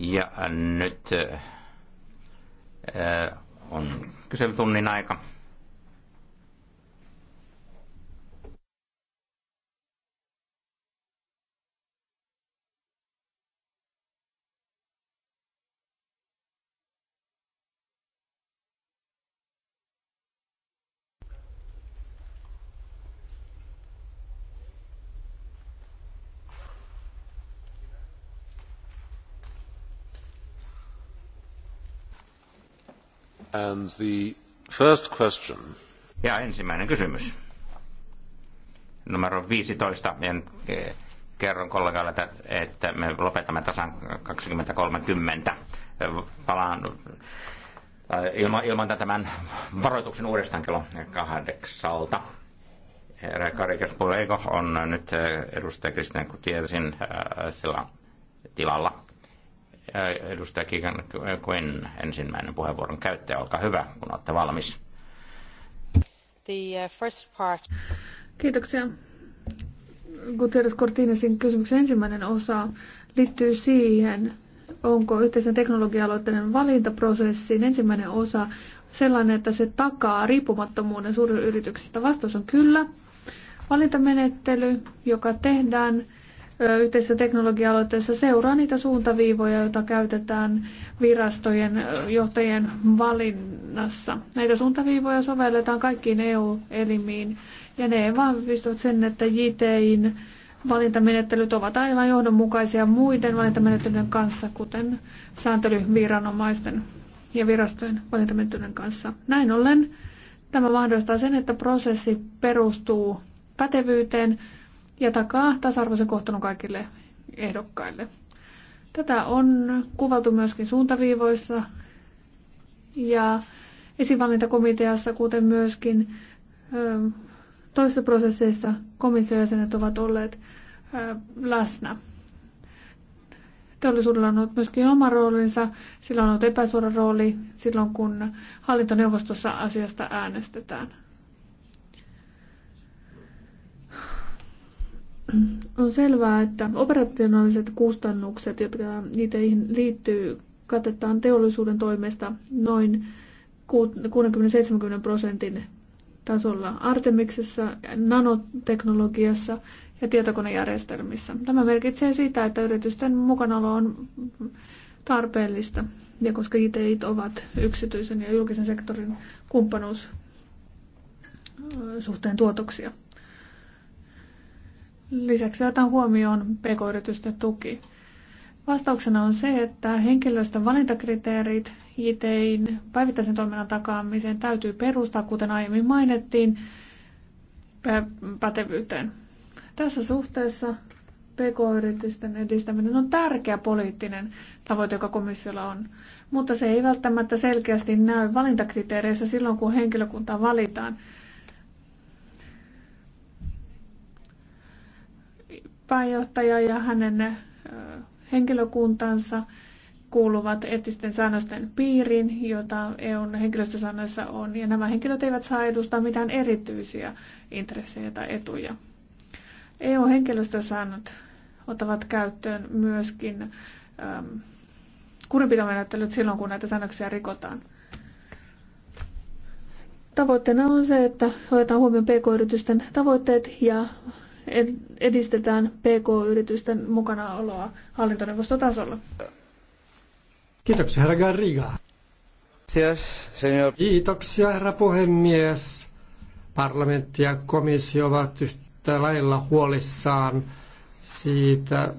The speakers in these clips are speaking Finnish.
Ja nyt äh, on kyselytunnin aika. And the first question. Ja ensimmäinen kysymys. Numero 15. En e, kerron kollegalle, että me lopetamme tasan 20.30. Palaan ilman, äh, ilman tämän varoituksen uudestaan kello kahdeksalta. Herra Karikas on nyt äh, edustaja Kristian Kutiersin äh, tilalla. Edustaja Kikan Quinn, ensimmäinen puheenvuoron käyttäjä, olkaa hyvä, kun olette valmis. The uh, first part. Kiitoksia. Gutierrez Cortinesin kysymyksen ensimmäinen osa liittyy siihen, onko yhteisen teknologia-aloitteiden valintaprosessin ensimmäinen osa sellainen, että se takaa riippumattomuuden suuryrityksistä? Vastaus on kyllä. Valintamenettely, joka tehdään yhteisessä teknologia-aloitteessa seuraa niitä suuntaviivoja, joita käytetään virastojen johtajien valinnassa. Näitä suuntaviivoja sovelletaan kaikkiin EU-elimiin ja ne vahvistavat sen, että JTIn valintamenettelyt ovat aivan johdonmukaisia muiden valintamenettelyiden kanssa, kuten sääntelyviranomaisten ja virastojen valintamenettelyn kanssa. Näin ollen tämä mahdollistaa sen, että prosessi perustuu pätevyyteen, ja takaa tasa-arvoisen kohtelun kaikille ehdokkaille. Tätä on kuvattu myöskin suuntaviivoissa ja esivalintakomiteassa, kuten myöskin toisissa prosesseissa komissiojäsenet ovat olleet läsnä. Teollisuudella on ollut myöskin oma roolinsa, sillä on ollut epäsuora rooli silloin, kun hallintoneuvostossa asiasta äänestetään. On selvää, että operationaaliset kustannukset, jotka niihin liittyy, katetaan teollisuuden toimesta noin 60-70 prosentin tasolla Artemiksessa, nanoteknologiassa ja tietokonejärjestelmissä. Tämä merkitsee sitä, että yritysten mukanaolo on tarpeellista, ja koska IT ovat yksityisen ja julkisen sektorin kumppanuussuhteen tuotoksia. Lisäksi otan huomioon pk-yritysten tuki. Vastauksena on se, että henkilöstön valintakriteerit ITin päivittäisen toiminnan takaamiseen täytyy perustaa, kuten aiemmin mainittiin, pätevyyteen. Tässä suhteessa PK-yritysten edistäminen on tärkeä poliittinen tavoite, joka komissiolla on, mutta se ei välttämättä selkeästi näy valintakriteereissä silloin, kun henkilökuntaa valitaan. pääjohtaja ja hänen henkilökuntansa kuuluvat eettisten säännösten piiriin, jota EUn henkilöstösäännöissä on, ja nämä henkilöt eivät saa edustaa mitään erityisiä intressejä tai etuja. EU-henkilöstösäännöt ottavat käyttöön myöskin ähm, kurinpitomenettelyt silloin, kun näitä säännöksiä rikotaan. Tavoitteena on se, että hoidetaan huomioon pk-yritysten tavoitteet ja edistetään PK-yritysten mukanaoloa hallintoneuvostotasolla. Kiitoksia, herra Garriga. Kiitos, senior. Kiitoksia, herra puhemies. Parlamentti ja komissio ovat yhtä lailla huolissaan siitä,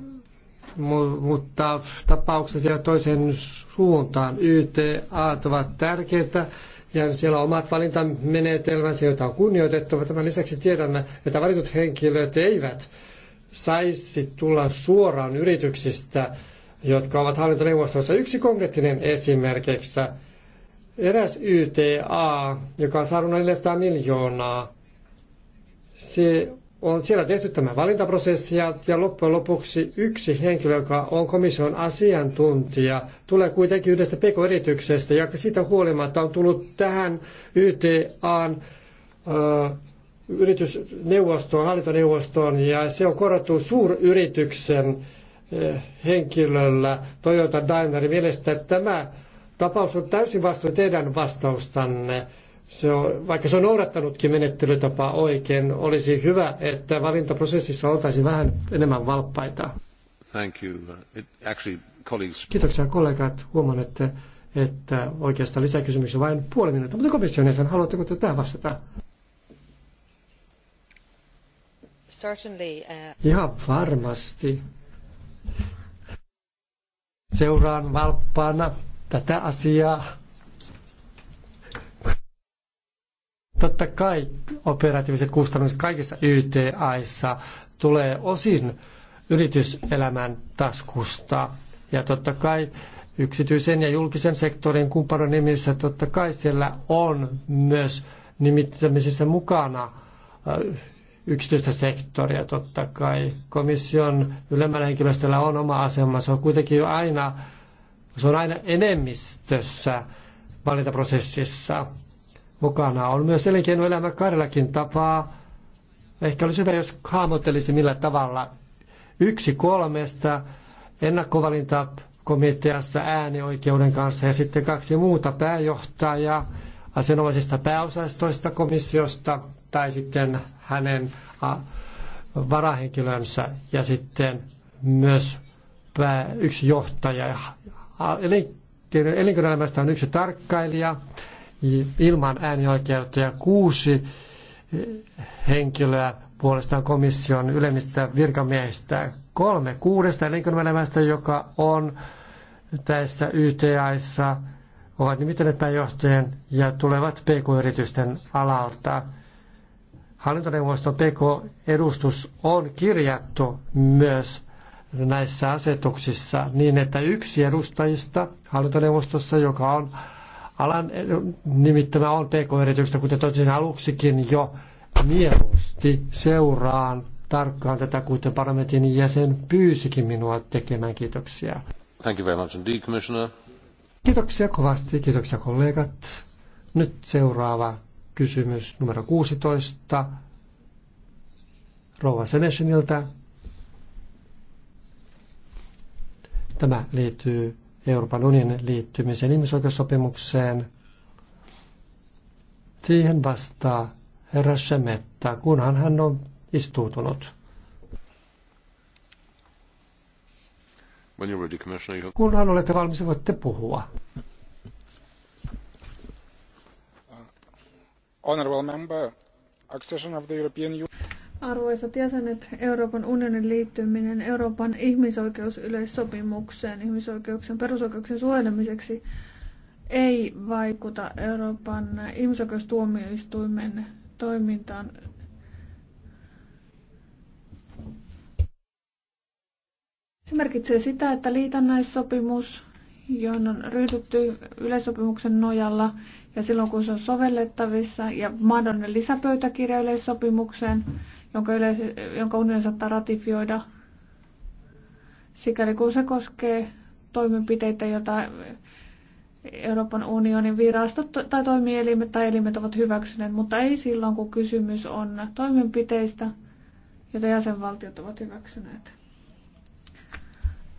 mutta tapaukset ja toisen suuntaan. YTA ovat tärkeitä ja siellä on omat valintamenetelmänsä, joita on kunnioitettava. Tämän lisäksi tiedämme, että valitut henkilöt eivät saisi tulla suoraan yrityksistä, jotka ovat hallintoneuvostossa. Yksi konkreettinen esimerkiksi eräs YTA, joka on saanut 400 miljoonaa, se on siellä tehty tämä valintaprosessi ja, ja loppujen lopuksi yksi henkilö, joka on komission asiantuntija, tulee kuitenkin yhdestä pk erityksestä joka siitä huolimatta on tullut tähän YTAn äh, yritysneuvostoon, hallintoneuvostoon ja se on korottu suuryrityksen äh, henkilöllä Toyota Daimler. Mielestäni tämä tapaus on täysin vastoin teidän vastaustanne se on, vaikka se on noudattanutkin menettelytapaa oikein, olisi hyvä, että valintaprosessissa oltaisiin vähän enemmän valppaita. Thank you. It actually, colleagues... Kiitoksia kollegat. Huomaan, että, että oikeastaan lisäkysymyksiä vain puoli minuuttia. Mutta komission jäsen, haluatteko te tähän vastata? Certainly, uh... Ihan varmasti. Seuraan valppaana tätä asiaa. Totta kai operatiiviset kustannukset kaikissa YTAissa tulee osin yrityselämän taskusta. Ja totta kai yksityisen ja julkisen sektorin kumppanon nimissä totta kai siellä on myös nimittämisessä mukana yksityistä sektoria totta kai. Komission ylemmällä henkilöstöllä on oma asemansa, on kuitenkin jo aina, se on aina enemmistössä valintaprosessissa mukana. On myös elinkeinoelämä Karjallakin tapaa. Ehkä olisi hyvä, jos hahmottelisi millä tavalla yksi kolmesta komiteassa äänioikeuden kanssa ja sitten kaksi muuta pääjohtajaa asianomaisista pääosastoista komissiosta tai sitten hänen varahenkilönsä ja sitten myös pää, yksi johtaja. Elinkeinoelämästä on yksi tarkkailija ilman äänioikeutta ja kuusi henkilöä puolestaan komission ylemmistä virkamiehistä. Kolme kuudesta elinkeinoelämästä, joka on tässä YTAissa, ovat nimittäneet pääjohtajan ja tulevat PK-yritysten alalta. Hallintoneuvoston PK-edustus on kirjattu myös näissä asetuksissa niin, että yksi edustajista hallintoneuvostossa, joka on Alan nimittämä on pk-yrityksestä, kuten totesin aluksikin jo mieluusti seuraan tarkkaan tätä, kuten parlamentin jäsen pyysikin minua tekemään. Kiitoksia. Thank you very much indeed, Commissioner. Kiitoksia kovasti, kiitoksia kollegat. Nyt seuraava kysymys numero 16. Rova Senesiniltä. Tämä liittyy Euroopan unionin liittymiseen ihmisoikeussopimukseen. Siihen vastaa herra Shemetta, kunhan hän on istuutunut. Kunhan olette valmis, voitte puhua. Honorable member, accession of the European Union. Arvoisat jäsenet, Euroopan unionin liittyminen Euroopan ihmisoikeusyleissopimukseen ihmisoikeuksien perusoikeuksien suojelemiseksi ei vaikuta Euroopan ihmisoikeustuomioistuimen toimintaan. Se merkitsee sitä, että liitännäissopimus, johon on ryhdytty yleissopimuksen nojalla ja silloin kun se on sovellettavissa ja mahdollinen lisäpöytäkirja yleissopimukseen, jonka, yleis- jonka unioni saattaa ratifioida, sikäli kun se koskee toimenpiteitä, joita Euroopan unionin virastot tai toimielimet tai elimet ovat hyväksyneet, mutta ei silloin, kun kysymys on toimenpiteistä, joita jäsenvaltiot ovat hyväksyneet.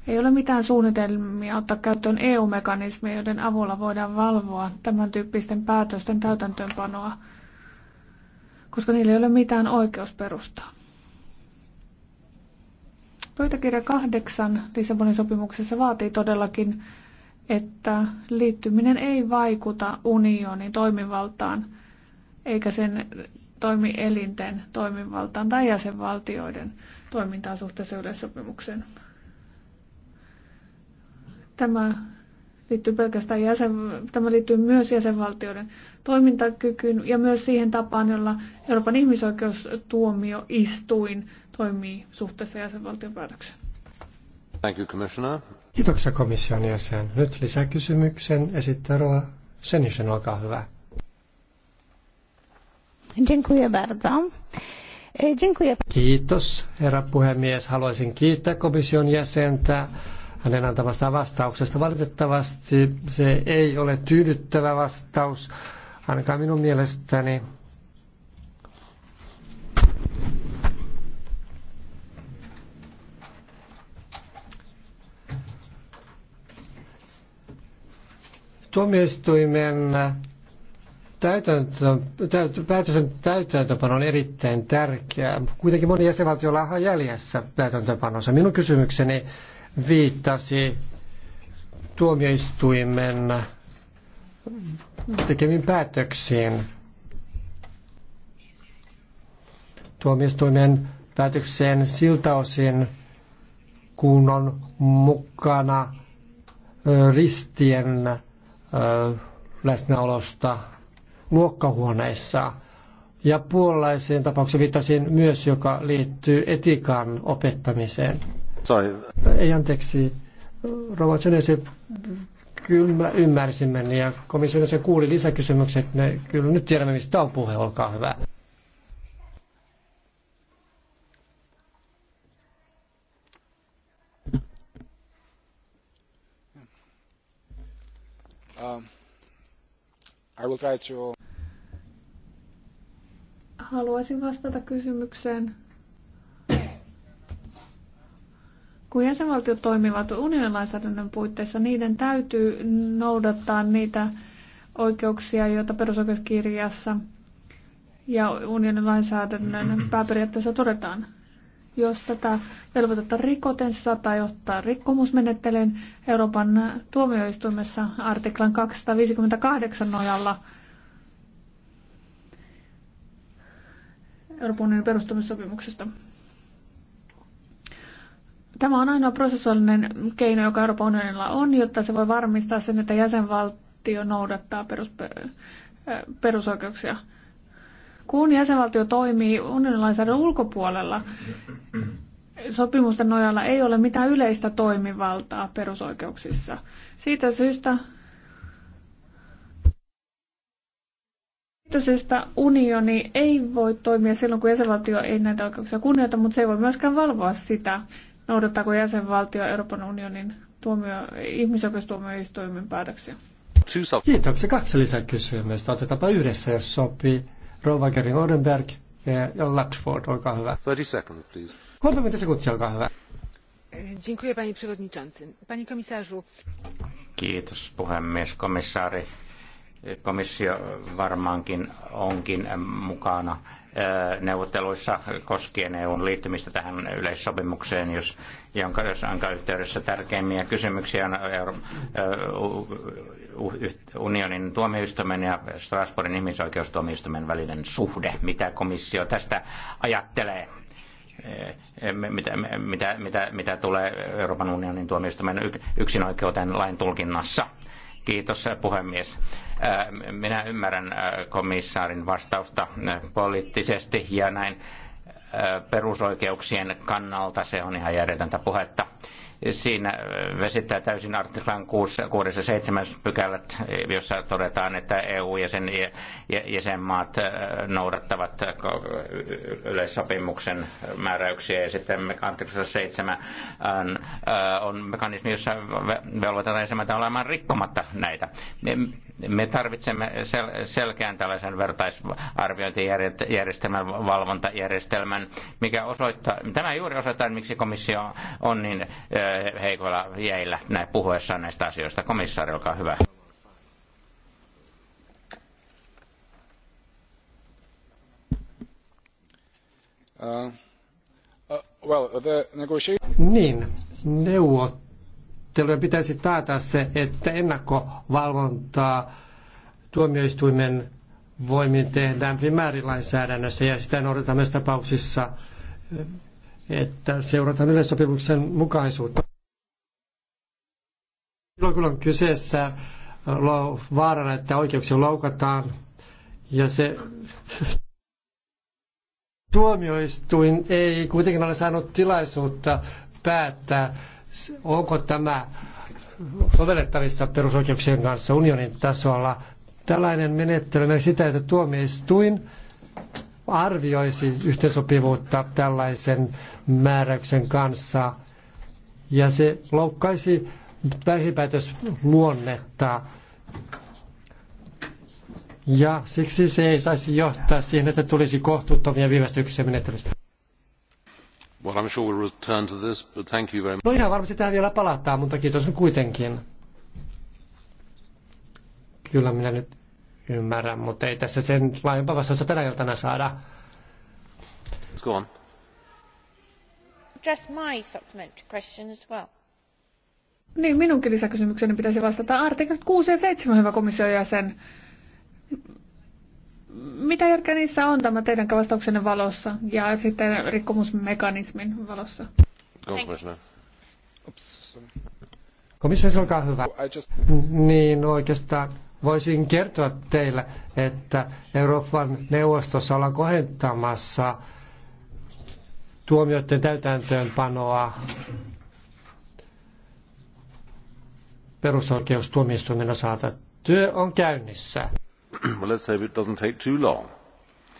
Ei ole mitään suunnitelmia ottaa käyttöön EU-mekanismeja, joiden avulla voidaan valvoa tämän tyyppisten päätösten täytäntöönpanoa koska niillä ei ole mitään oikeusperustaa. Pöytäkirja kahdeksan Lissabonin sopimuksessa vaatii todellakin, että liittyminen ei vaikuta unionin toimivaltaan eikä sen toimielinten toimivaltaan tai jäsenvaltioiden toimintaan suhteessa yleissopimukseen. Tämä liittyy pelkästään jäsen, tämä liittyy myös jäsenvaltioiden toimintakykyyn ja myös siihen tapaan, jolla Euroopan ihmisoikeustuomioistuin toimii suhteessa jäsenvaltion päätökseen. Thank you, Commissioner. Kiitoksia komission jäsen. Nyt lisäkysymyksen esittelyä. Rova Senisen, olkaa hyvä. Dziękuję bardzo. E, Kiitos, herra puhemies. Haluaisin kiittää komission jäsentä hänen antamasta vastauksesta. Valitettavasti se ei ole tyydyttävä vastaus, ainakaan minun mielestäni. Tuomioistuimen päätösten täytäntöpano on erittäin tärkeää. Kuitenkin moni jäsenvaltio on jäljessä päätäntöpanossa. Minun kysymykseni viittasi tuomioistuimen tekemiin päätöksiin. Tuomioistuimen päätökseen siltä osin, kun on mukana ristien läsnäolosta luokkahuoneissa. Ja puolalaiseen tapaukseen viittasin myös, joka liittyy etikan opettamiseen. Sorry. Ei anteeksi. Rova Chenesi, kyllä mä ymmärsimme niin, ja komission se kuuli lisäkysymykset. Ne, kyllä nyt tiedämme, mistä on puhe. Olkaa hyvä. Um, I will try to... Haluaisin vastata kysymykseen Kun jäsenvaltiot toimivat unionin lainsäädännön puitteissa, niiden täytyy noudattaa niitä oikeuksia, joita perusoikeuskirjassa ja unionin lainsäädännön pääperiaatteessa todetaan. Jos tätä velvoitetta rikoten, se saattaa johtaa rikkomusmenettelyyn Euroopan tuomioistuimessa artiklan 258 nojalla Euroopan unionin perustamissopimuksesta. Tämä on ainoa prosessuaalinen keino, joka Euroopan unionilla on, jotta se voi varmistaa sen, että jäsenvaltio noudattaa perus, perusoikeuksia. Kun jäsenvaltio toimii unionilainsäädännön ulkopuolella, sopimusten nojalla ei ole mitään yleistä toimivaltaa perusoikeuksissa. Siitä syystä, siitä syystä unioni ei voi toimia silloin, kun jäsenvaltio ei näitä oikeuksia kunnioita, mutta se ei voi myöskään valvoa sitä, noudattaako jäsenvaltio Euroopan unionin tuomio, ihmisoikeustuomioistuimen päätöksiä. Kiitoksia. Kaksi lisäkysymystä. Otetaanpa yhdessä, jos sopii. Rova Gary Odenberg ja Latford, olkaa hyvä. 30 seconds, please. 30 sekuntia, olkaa hyvä. Dziękuję, panie przewodniczący. Panie komisarzu. Kiitos, puhemies, komissaari komissio varmaankin onkin mukana neuvotteluissa koskien EUn liittymistä tähän yleissopimukseen, jos, jonka, jonka yhteydessä tärkeimmiä kysymyksiä on Euro, unionin tuomioistuimen ja Strasbourgin ihmisoikeustuomioistuimen välinen suhde. Mitä komissio tästä ajattelee? Mitä, mitä, mitä, mitä tulee Euroopan unionin tuomioistuimen yksinoikeuteen lain tulkinnassa? Kiitos puhemies. Minä ymmärrän komissaarin vastausta poliittisesti ja näin perusoikeuksien kannalta se on ihan järjetöntä puhetta Siinä äh, vesittää täysin artiklan 6.7. pykälät, jossa todetaan, että EU ja sen jäsenmaat äh, noudattavat yleissopimuksen määräyksiä. Ja sitten artikla 7 äh, on mekanismi, jossa velvoitetaan jäsenmaita olemaan rikkomatta näitä me tarvitsemme sel- selkeän tällaisen vertaisarviointijärjestelmän, valvontajärjestelmän, mikä osoittaa, tämä juuri osoittaa, miksi komissio on niin heikoilla jäillä näin puhuessaan näistä asioista. Komissaari, olkaa hyvä. Uh, uh, well, the negotiation... Niin, neuvot neuvottelujen pitäisi taata se, että ennakkovalvontaa tuomioistuimen voimin tehdään primäärilainsäädännössä ja sitä noudatetaan myös tapauksissa, että seurataan yleissopimuksen mukaisuutta. Silloin kun on kyseessä vaarana, että oikeuksia loukataan ja se tuomioistuin ei kuitenkaan ole saanut tilaisuutta päättää onko tämä sovellettavissa perusoikeuksien kanssa unionin tasolla. Tällainen menettely sitä, että tuomioistuin arvioisi yhteensopivuutta tällaisen määräyksen kanssa ja se loukkaisi vähipäätösluonnetta. Ja siksi se ei saisi johtaa siihen, että tulisi kohtuuttomia viivästyksiä menettelystä. Well, I'm sure we'll return to this, but thank you very much. No ihan varmasti tähän vielä palataan, mutta kiitos nyt kuitenkin. Kyllä minä nyt ymmärrän, mutta ei tässä sen laajempaa vastausta tänä iltana saada. Let's go on. Address my supplementary question as well. Niin, minunkin lisäkysymykseni pitäisi vastata. Artiklat 6 ja 7, hyvä komission jäsen mitä järkeä niissä on tämä teidän vastauksenne valossa ja sitten rikkomusmekanismin valossa? Komissio, olkaa hyvä. Niin oikeastaan voisin kertoa teille, että Euroopan neuvostossa ollaan kohentamassa tuomioiden täytäntöönpanoa perusoikeustuomioistuimen osalta. Työ on käynnissä. Let's hope it doesn't take too long.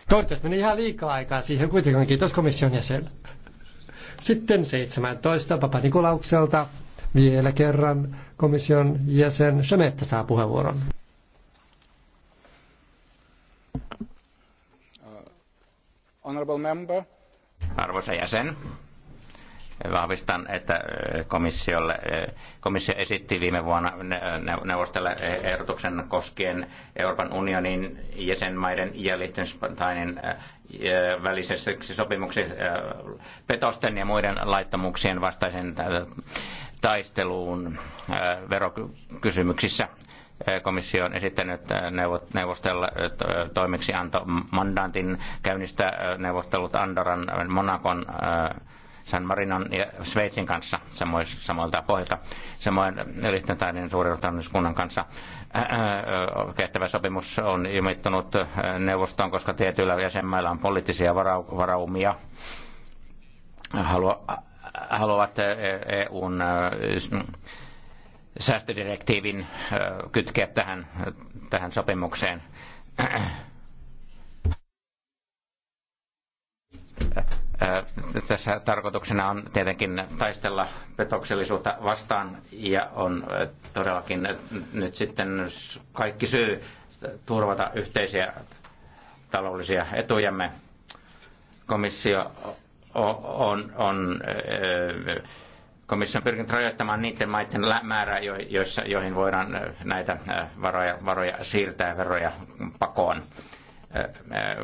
Toivottavasti meni ihan liikaa aikaa siihen kuitenkin. Kiitos komission jäsen. Sitten 17. Papa Nikolaukselta vielä kerran komission jäsen Shemetta saa puheenvuoron. Uh, honorable member. Arvoisa jäsen, Vahvistan, että äh, komissiolle, äh, komissio esitti viime vuonna äh, neuvostelle ehdotuksen koskien Euroopan unionin jäsenmaiden ja Liechtensteinin väliseksi sopimuksi petosten ja muiden laittomuuksien vastaisen taisteluun verokysymyksissä komissio on esittänyt neuvostella toimeksianto mandaatin käynnistää neuvottelut Andoran, Monakon San Marinon ja Sveitsin kanssa samoin, samalta pohjalta, samoin Liechtensteinin suurirjoittamiskunnan kanssa äh, äh, kehittävä sopimus on jumittunut äh, neuvostoon, koska tietyillä jäsenmailla on poliittisia varaumia. Halua, haluavat EUn säästödirektiivin kytkeä tähän, tähän sopimukseen tässä tarkoituksena on tietenkin taistella petoksellisuutta vastaan ja on todellakin nyt sitten kaikki syy turvata yhteisiä taloudellisia etujamme. Komissio on, on komissio on pyrkinyt rajoittamaan niiden maiden määrää, joissa, joihin voidaan näitä varoja, varoja siirtää veroja pakoon. Äh, äh,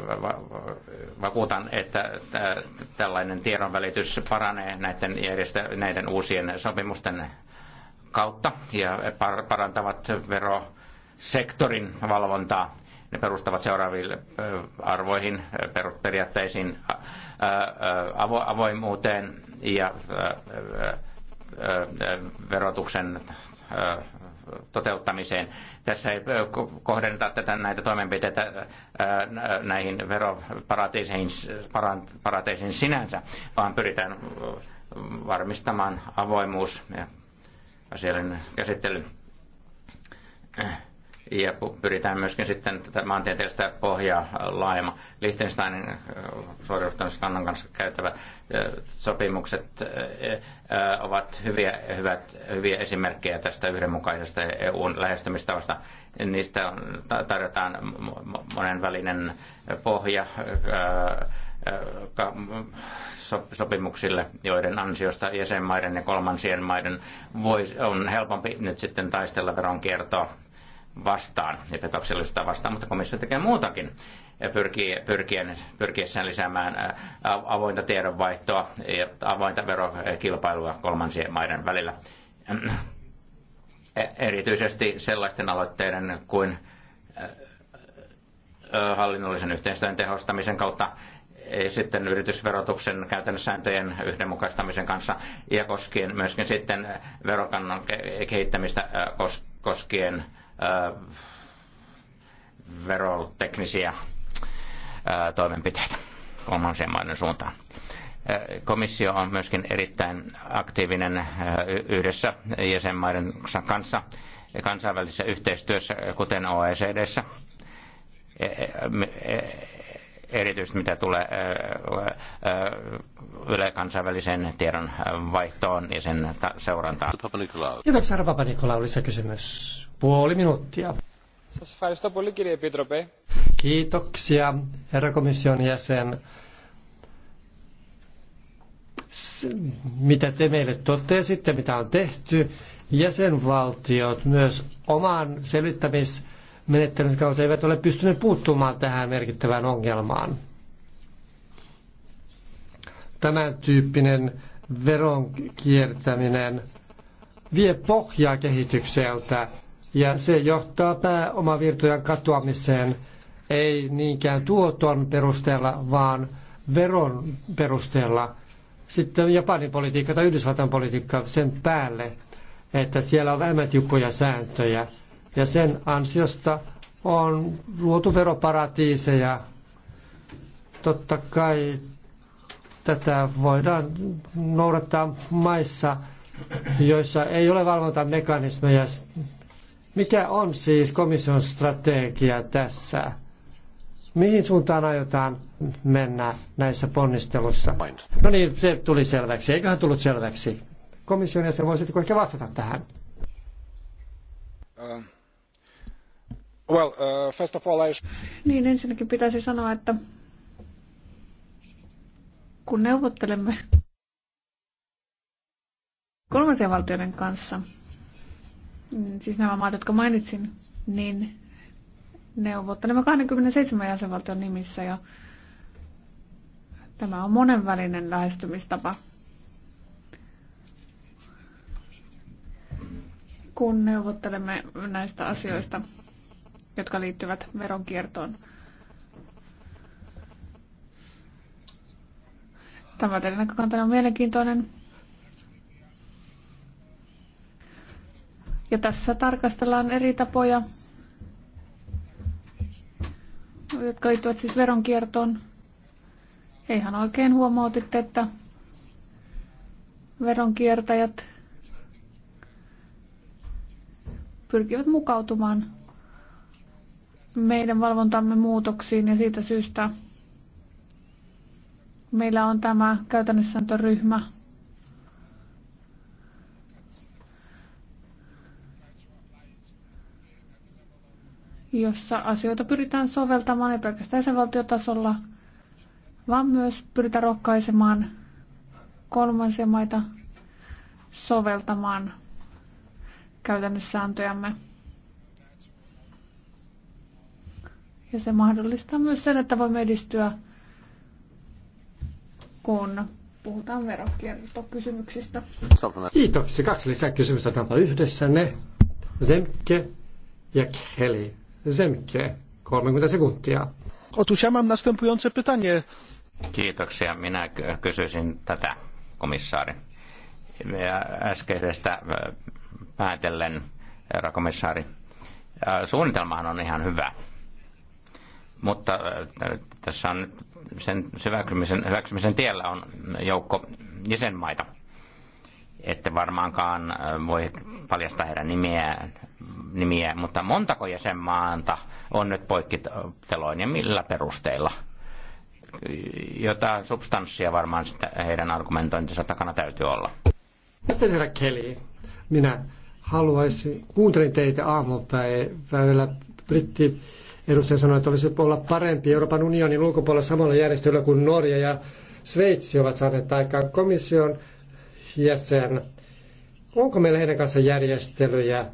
vakuutan, että tällainen tiedonvälitys paranee näiden, järjestä, näiden uusien sopimusten kautta ja parantavat verosektorin valvontaa. Ne perustavat seuraaville äh, arvoihin, perusperiaatteisiin, avoimuuteen ja verotuksen toteuttamiseen. Tässä ei kohdenneta tätä, näitä toimenpiteitä näihin veroparateisiin sinänsä, vaan pyritään varmistamaan avoimuus ja asiallinen käsittely ja pyritään myöskin sitten tätä maantieteellistä pohjaa laajemman Liechtensteinin suoriuttamiskannan kanssa käytävät sopimukset ovat hyviä, hyvät, hyviä esimerkkejä tästä yhdenmukaisesta EUn lähestymistavasta. Niistä tarjotaan monenvälinen pohja sopimuksille, joiden ansiosta jäsenmaiden ja kolmansien maiden voi, on helpompi nyt sitten taistella veronkiertoa vastaan ja petoksellisuutta vastaan, mutta komissio tekee muutakin pyrkii, pyrkien, pyrkiessään lisäämään avointa tiedonvaihtoa ja avointa verokilpailua kolmansien maiden välillä. E, erityisesti sellaisten aloitteiden kuin hallinnollisen yhteistyön tehostamisen kautta sitten yritysverotuksen käytännössääntöjen yhdenmukaistamisen kanssa ja koskien myöskin sitten verokannan kehittämistä koskien veroteknisiä toimenpiteitä kolmansien maiden suuntaan. Komissio on myöskin erittäin aktiivinen yhdessä jäsenmaiden kanssa kansainvälisessä yhteistyössä, kuten OECDssä, e, e, e, erityisesti mitä tulee yle kansainväliseen tiedon vaihtoon ja sen seurantaan. Kiitoksia, Arva Nikola, oli se kysymys. Puoli minuuttia. Σας ευχαριστώ πολύ κύριε Επίτροπε. Kiitoksia, herra komission jäsen. Mitä te meille totesitte, mitä on tehty, jäsenvaltiot myös oman selvittämismenettelyn kautta eivät ole pystyneet puuttumaan tähän merkittävään ongelmaan. Tämän tyyppinen veron kiertäminen vie pohjaa kehitykseltä ja se johtaa pääomavirtojen katoamiseen ei niinkään tuoton perusteella, vaan veron perusteella. Sitten Japanin politiikka tai Yhdysvaltain politiikka sen päälle, että siellä on vähemmän tiukkoja sääntöjä. Ja sen ansiosta on luotu veroparatiiseja. Totta kai tätä voidaan noudattaa maissa, joissa ei ole valvontamekanismeja mikä on siis komission strategia tässä? Mihin suuntaan aiotaan mennä näissä ponnisteluissa? No niin, se tuli selväksi. Eiköhän tullut selväksi. Komission jäsen, voisitko ehkä vastata tähän? Uh, well, uh, first of all, I... Niin, ensinnäkin pitäisi sanoa, että kun neuvottelemme kolmansien valtioiden kanssa, Mm, siis nämä maat, jotka mainitsin, niin neuvottelemme 27 jäsenvaltion nimissä ja tämä on monenvälinen lähestymistapa. Kun neuvottelemme näistä asioista, jotka liittyvät veronkiertoon. Tämä teidän näkökantana on mielenkiintoinen. Ja tässä tarkastellaan eri tapoja, jotka liittyvät siis veronkiertoon. Eihän oikein huomautitte, että veronkiertäjät pyrkivät mukautumaan meidän valvontamme muutoksiin ja siitä syystä meillä on tämä ryhmä. jossa asioita pyritään soveltamaan ei pelkästään jäsenvaltiotasolla, vaan myös pyritään rohkaisemaan kolmansia maita soveltamaan käytännössä sääntöjämme. Ja se mahdollistaa myös sen, että voimme edistyä, kun puhutaan verokiertokysymyksistä. Kiitoksia. Kaksi lisää kysymystä. Tämä yhdessä ne. Zemke ja Kelly. Zemke, 30 sekuntia. Otus, ja następujące pytanie. Kiitoksia. Minä kysyisin tätä, komissaari. Äskeisestä päätellen, herra komissaari, suunnitelmahan on ihan hyvä, mutta tässä on sen hyväksymisen, hyväksymisen tiellä on joukko jäsenmaita, ette varmaankaan äh, voi paljastaa heidän nimiä nimiä, mutta montako jäsenmaanta on nyt poikkiteloin ja millä perusteilla? Jotain substanssia varmaan heidän argumentointinsa takana täytyy olla. Sitten herra Kelly, minä haluaisin, kuuntelin teitä aamupäivällä britti edustaja sanoi, että olisi olla parempi Euroopan unionin ulkopuolella samalla järjestöllä kuin Norja ja Sveitsi ovat saaneet aikaan komission jäsen. Onko meillä heidän kanssa järjestelyjä,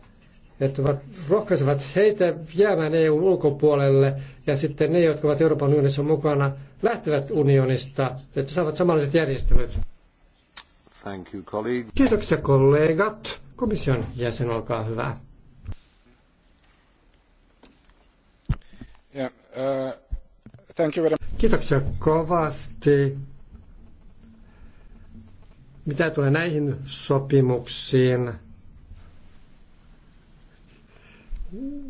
että rohkaisevat heitä jäämään EUn ulkopuolelle ja sitten ne, jotka ovat Euroopan unionissa mukana, lähtevät unionista, että saavat samanlaiset järjestelyt? Thank you, colleague. Kiitoksia kollegat. Komission jäsen, olkaa hyvä. Yeah, uh, thank you very Kiitoksia kovasti. Mitä tulee näihin sopimuksiin,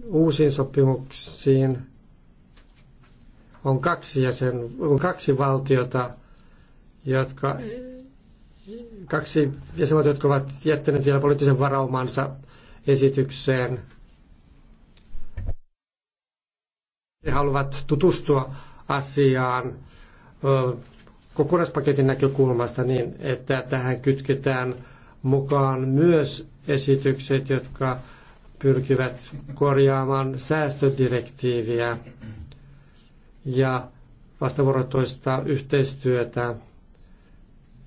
uusiin sopimuksiin, on kaksi, jäsen, on kaksi valtiota, jotka, kaksi jäsenvaltiota, jotka ovat jättäneet vielä poliittisen varaumansa esitykseen. He haluavat tutustua asiaan kokonaispaketin näkökulmasta niin, että tähän kytketään mukaan myös esitykset, jotka pyrkivät korjaamaan säästödirektiiviä ja vastavuorotoista yhteistyötä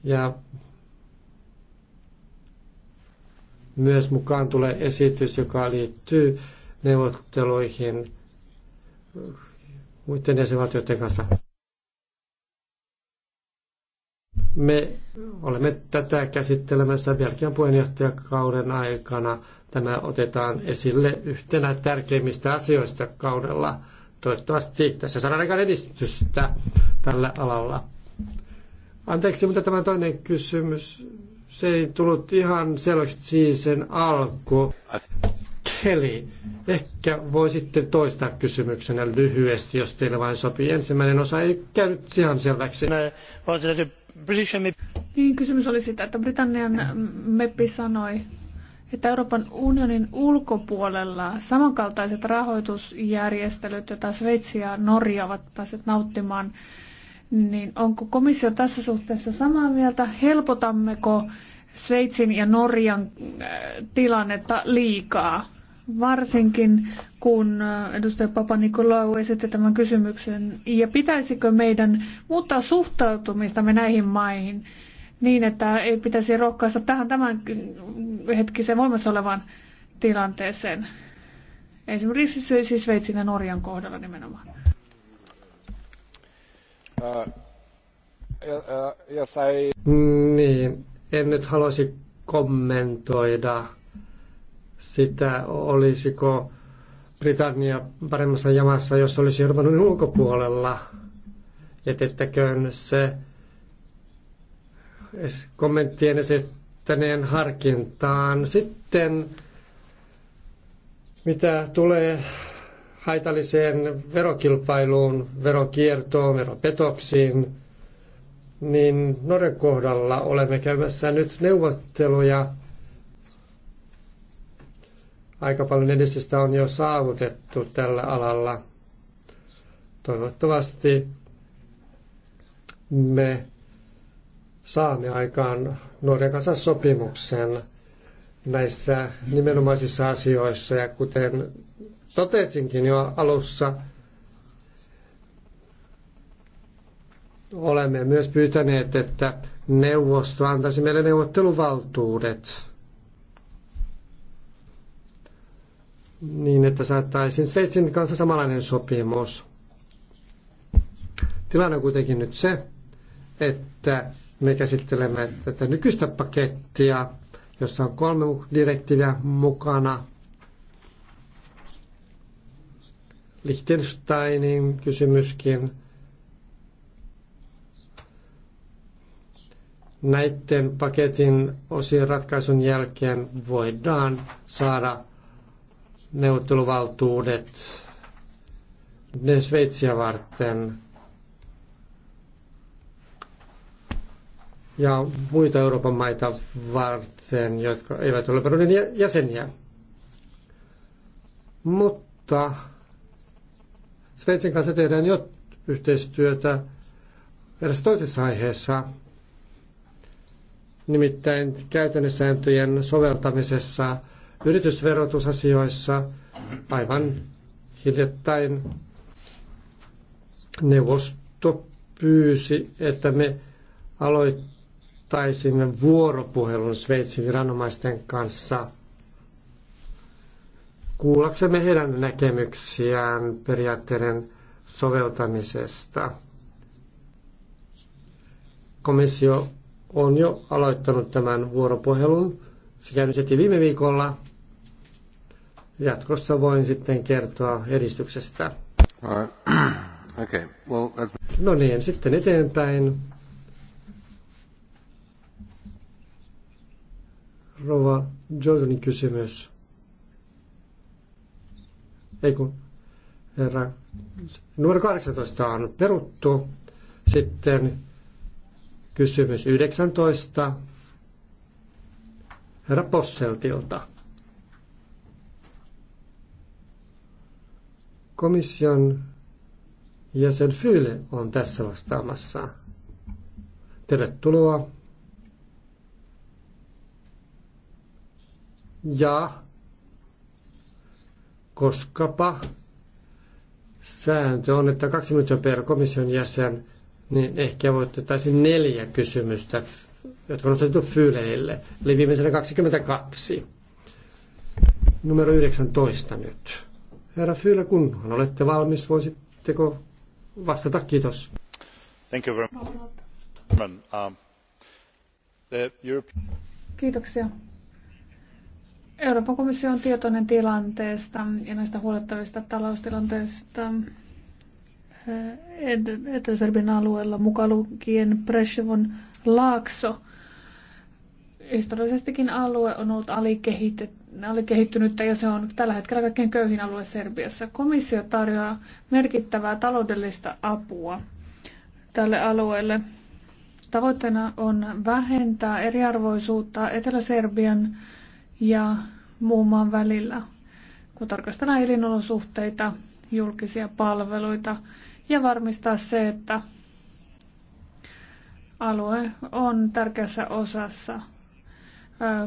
ja myös mukaan tulee esitys, joka liittyy neuvotteluihin muiden jäsenvaltioiden kanssa. Me olemme tätä käsittelemässä Belgian puheenjohtajakauden aikana. Tämä otetaan esille yhtenä tärkeimmistä asioista kaudella. Toivottavasti tässä saadaan aika edistystä tällä alalla. Anteeksi, mutta tämä toinen kysymys. Se ei tullut ihan selväksi sen alku. Keli, ehkä voisitte toistaa kysymyksenä lyhyesti, jos teille vain sopii. Ensimmäinen osa ei käynyt ihan selväksi. British Niin, kysymys oli sitä, että Britannian MEPI sanoi, että Euroopan unionin ulkopuolella samankaltaiset rahoitusjärjestelyt, joita Sveitsi ja Norja ovat päässeet nauttimaan, niin onko komissio tässä suhteessa samaa mieltä? Helpotammeko Sveitsin ja Norjan äh, tilannetta liikaa? varsinkin kun äh, edustaja Papa Nikolaou esitti tämän kysymyksen. Ja pitäisikö meidän muuttaa suhtautumistamme näihin maihin niin, että ei pitäisi rohkaista tähän tämän hetkiseen voimassa olevaan tilanteeseen? Esimerkiksi siis Sveitsin ja Norjan kohdalla nimenomaan. Uh, uh, yes, I... niin, en nyt haluaisi kommentoida sitä, olisiko Britannia paremmassa jamassa, jos olisi Euroopan unionin ulkopuolella. Jätettäköön se kommenttien esittäneen harkintaan. Sitten mitä tulee haitalliseen verokilpailuun, verokiertoon, veropetoksiin, niin Norjan kohdalla olemme käymässä nyt neuvotteluja Aika paljon edistystä on jo saavutettu tällä alalla. Toivottavasti me saamme aikaan nuoren kanssa sopimuksen näissä nimenomaisissa asioissa. Ja kuten totesinkin jo alussa, olemme myös pyytäneet, että neuvosto antaisi meille neuvotteluvaltuudet niin, että saattaisiin Sveitsin kanssa samanlainen sopimus. Tilanne on kuitenkin nyt se, että me käsittelemme tätä nykyistä pakettia, jossa on kolme direktiiviä mukana. Liechtensteinin kysymyskin. Näiden paketin osien ratkaisun jälkeen voidaan saada neuvotteluvaltuudet ne Sveitsiä varten ja muita Euroopan maita varten, jotka eivät ole perunen jäseniä. Mutta Sveitsin kanssa tehdään jo yhteistyötä eräs toisessa aiheessa, nimittäin käytännössääntöjen soveltamisessa – yritysverotusasioissa aivan hiljattain neuvosto pyysi, että me aloittaisimme vuoropuhelun Sveitsin viranomaisten kanssa kuullaksemme heidän näkemyksiään periaatteiden soveltamisesta. Komissio on jo aloittanut tämän vuoropuhelun se käynnistettiin viime viikolla. Jatkossa voin sitten kertoa edistyksestä. Right. okay. well, that's... No niin, sitten eteenpäin. Rova Jordanin kysymys. Ei kun, herra, numero 18 on peruttu. Sitten kysymys 19 herra Posseltilta. Komission jäsen Fyle on tässä vastaamassa. Tervetuloa. Ja koskapa sääntö on, että kaksi minuuttia per komission jäsen, niin ehkä voitte taisin siis neljä kysymystä jotka on osoitettu fyyleille, eli viimeisenä 22. Numero 19 nyt. Herra Fyyle, kunhan olette valmis, voisitteko vastata? Kiitos. Thank you very much. Um, Kiitoksia. Euroopan komissio on tietoinen tilanteesta ja näistä huolettavista taloustilanteista. Etelä-Serbian alueella, mukaan lukien Preshevon laakso. Historiallisestikin alue on ollut alikehittynyttä ja se on tällä hetkellä kaikkein köyhin alue Serbiassa. Komissio tarjoaa merkittävää taloudellista apua tälle alueelle. Tavoitteena on vähentää eriarvoisuutta Etelä-Serbian ja muun maan välillä, kun tarkastellaan elinolosuhteita, julkisia palveluita, ja varmistaa se, että alue on tärkeässä osassa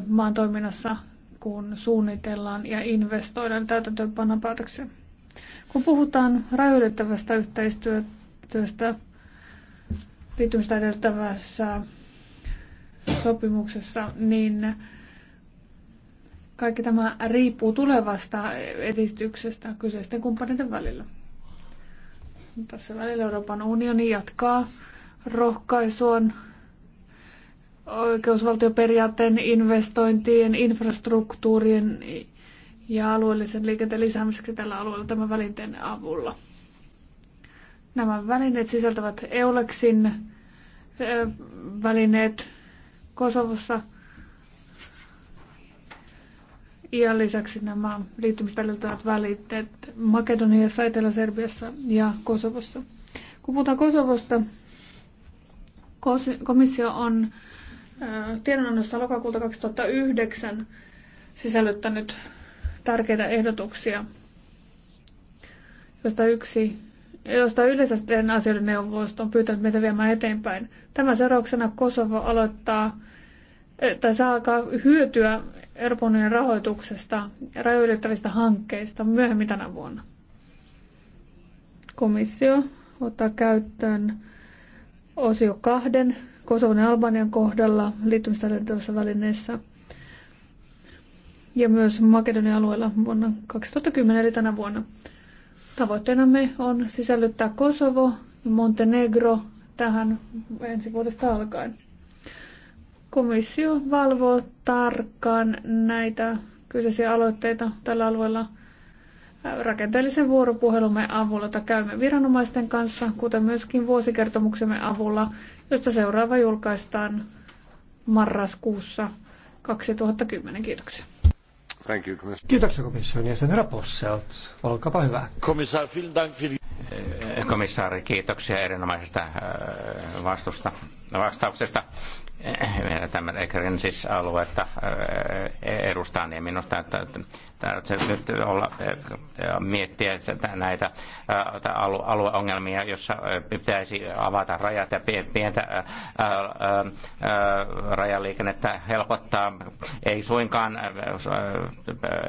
maan toiminnassa, kun suunnitellaan ja investoidaan täytäntöönpanon päätöksiä. Kun puhutaan rajoitettavasta yhteistyöstä liittymistä edeltävässä sopimuksessa, niin kaikki tämä riippuu tulevasta edistyksestä kyseisten kumppaneiden välillä. Tässä välillä Euroopan unioni jatkaa rohkaisuaan oikeusvaltioperiaatteen investointien, infrastruktuurien ja alueellisen liikenteen lisäämiseksi tällä alueella tämän välinteen avulla. Nämä välineet sisältävät EULEXin välineet Kosovossa – ja lisäksi nämä liittymistä edellyttävät välitteet Makedoniassa, Etelä-Serbiassa ja Kosovossa. Kun puhutaan Kosovosta, komissio on tiedonannossa lokakuuta 2009 sisällyttänyt tärkeitä ehdotuksia, joista yksi josta yleensä asioiden neuvosto on pyytänyt meitä viemään eteenpäin. Tämän seurauksena Kosovo aloittaa tai saa alkaa hyötyä Euroopan rahoituksesta ja rajoilyttävistä hankkeista myöhemmin tänä vuonna. Komissio ottaa käyttöön osio kahden Kosovon ja Albanian kohdalla liittymistä välineessä ja myös Makedonian alueella vuonna 2010 eli tänä vuonna. Tavoitteenamme on sisällyttää Kosovo ja Montenegro tähän ensi vuodesta alkaen. Komissio valvoo tarkkaan näitä kyseisiä aloitteita tällä alueella rakenteellisen vuoropuhelumme avulla, jota käymme viranomaisten kanssa, kuten myöskin vuosikertomuksemme avulla, josta seuraava julkaistaan marraskuussa 2010. Kiitoksia. Thank you, Kiitoksia komission jäsen herra Olkaapa hyvä. Komissaari, kiitoksia erinomaisesta äh, vastusta, vastauksesta tämän siis aluetta eh, eh, edustaa, niin minusta että tarvitsee nyt olla, eh, miettiä näitä alueongelmia, jossa pitäisi avata rajat ja pientä rajaliikennettä helpottaa. Ei suinkaan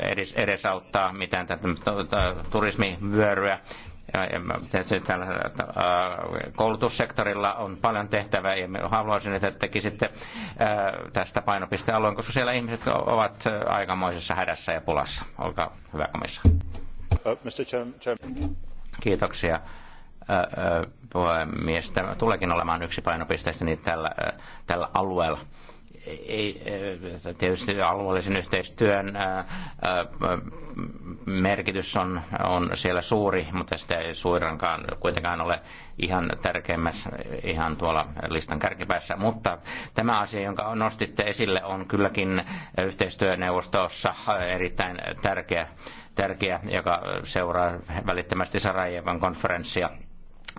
edes, edesauttaa mitään tätä turismivyöryä, Tällä koulutussektorilla on paljon tehtävää ja haluaisin, että tekisitte tästä painopistealueen, koska siellä ihmiset ovat aikamoisessa hädässä ja pulassa. Olkaa hyvä komissa. Uh, Kiitoksia puhemies. Tämä tuleekin olemaan yksi painopisteistä niin tällä, tällä alueella ei, tietysti alueellisen yhteistyön merkitys on, on siellä suuri, mutta sitä ei suurankaan kuitenkaan ole ihan tärkeimmässä, ihan tuolla listan kärkipäässä. Mutta tämä asia, jonka nostitte esille, on kylläkin yhteistyöneuvostossa erittäin tärkeä, tärkeä joka seuraa välittömästi Sarajevan konferenssia.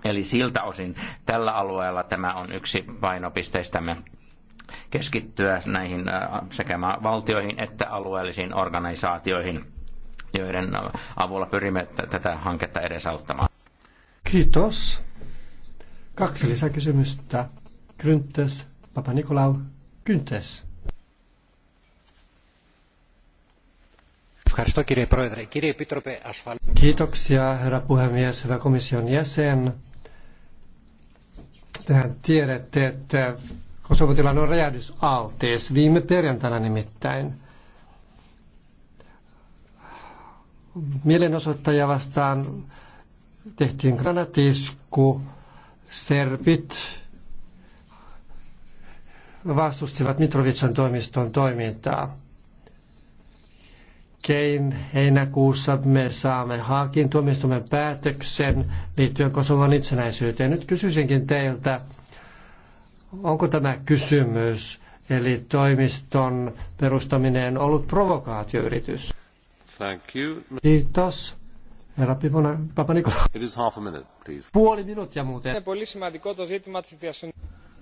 Eli siltä osin tällä alueella tämä on yksi painopisteistämme keskittyä näihin äh, sekä valtioihin että alueellisiin organisaatioihin, joiden äh, avulla pyrimme tätä hanketta edesauttamaan. Kiitos. Kaksi lisäkysymystä. Kryntes, Papa Nikolau, Kyntes. Kiitoksia, herra puhemies, hyvä komission jäsen. Tehän tiedätte, että Kosovon tilanne on räjähdysaltees. Viime perjantaina nimittäin mielenosoittajia vastaan tehtiin granatisku. Serbit vastustivat Mitrovitsan toimiston toimintaa. Kein heinäkuussa me saamme Haakin tuomistumme päätöksen liittyen Kosovan itsenäisyyteen. Nyt kysyisinkin teiltä, onko tämä kysymys, eli toimiston perustaminen, ollut provokaatioyritys? Thank you. Kiitos. Herra Pipona, Papa Nikola. It is half a minute, please. Puoli minuuttia muuten.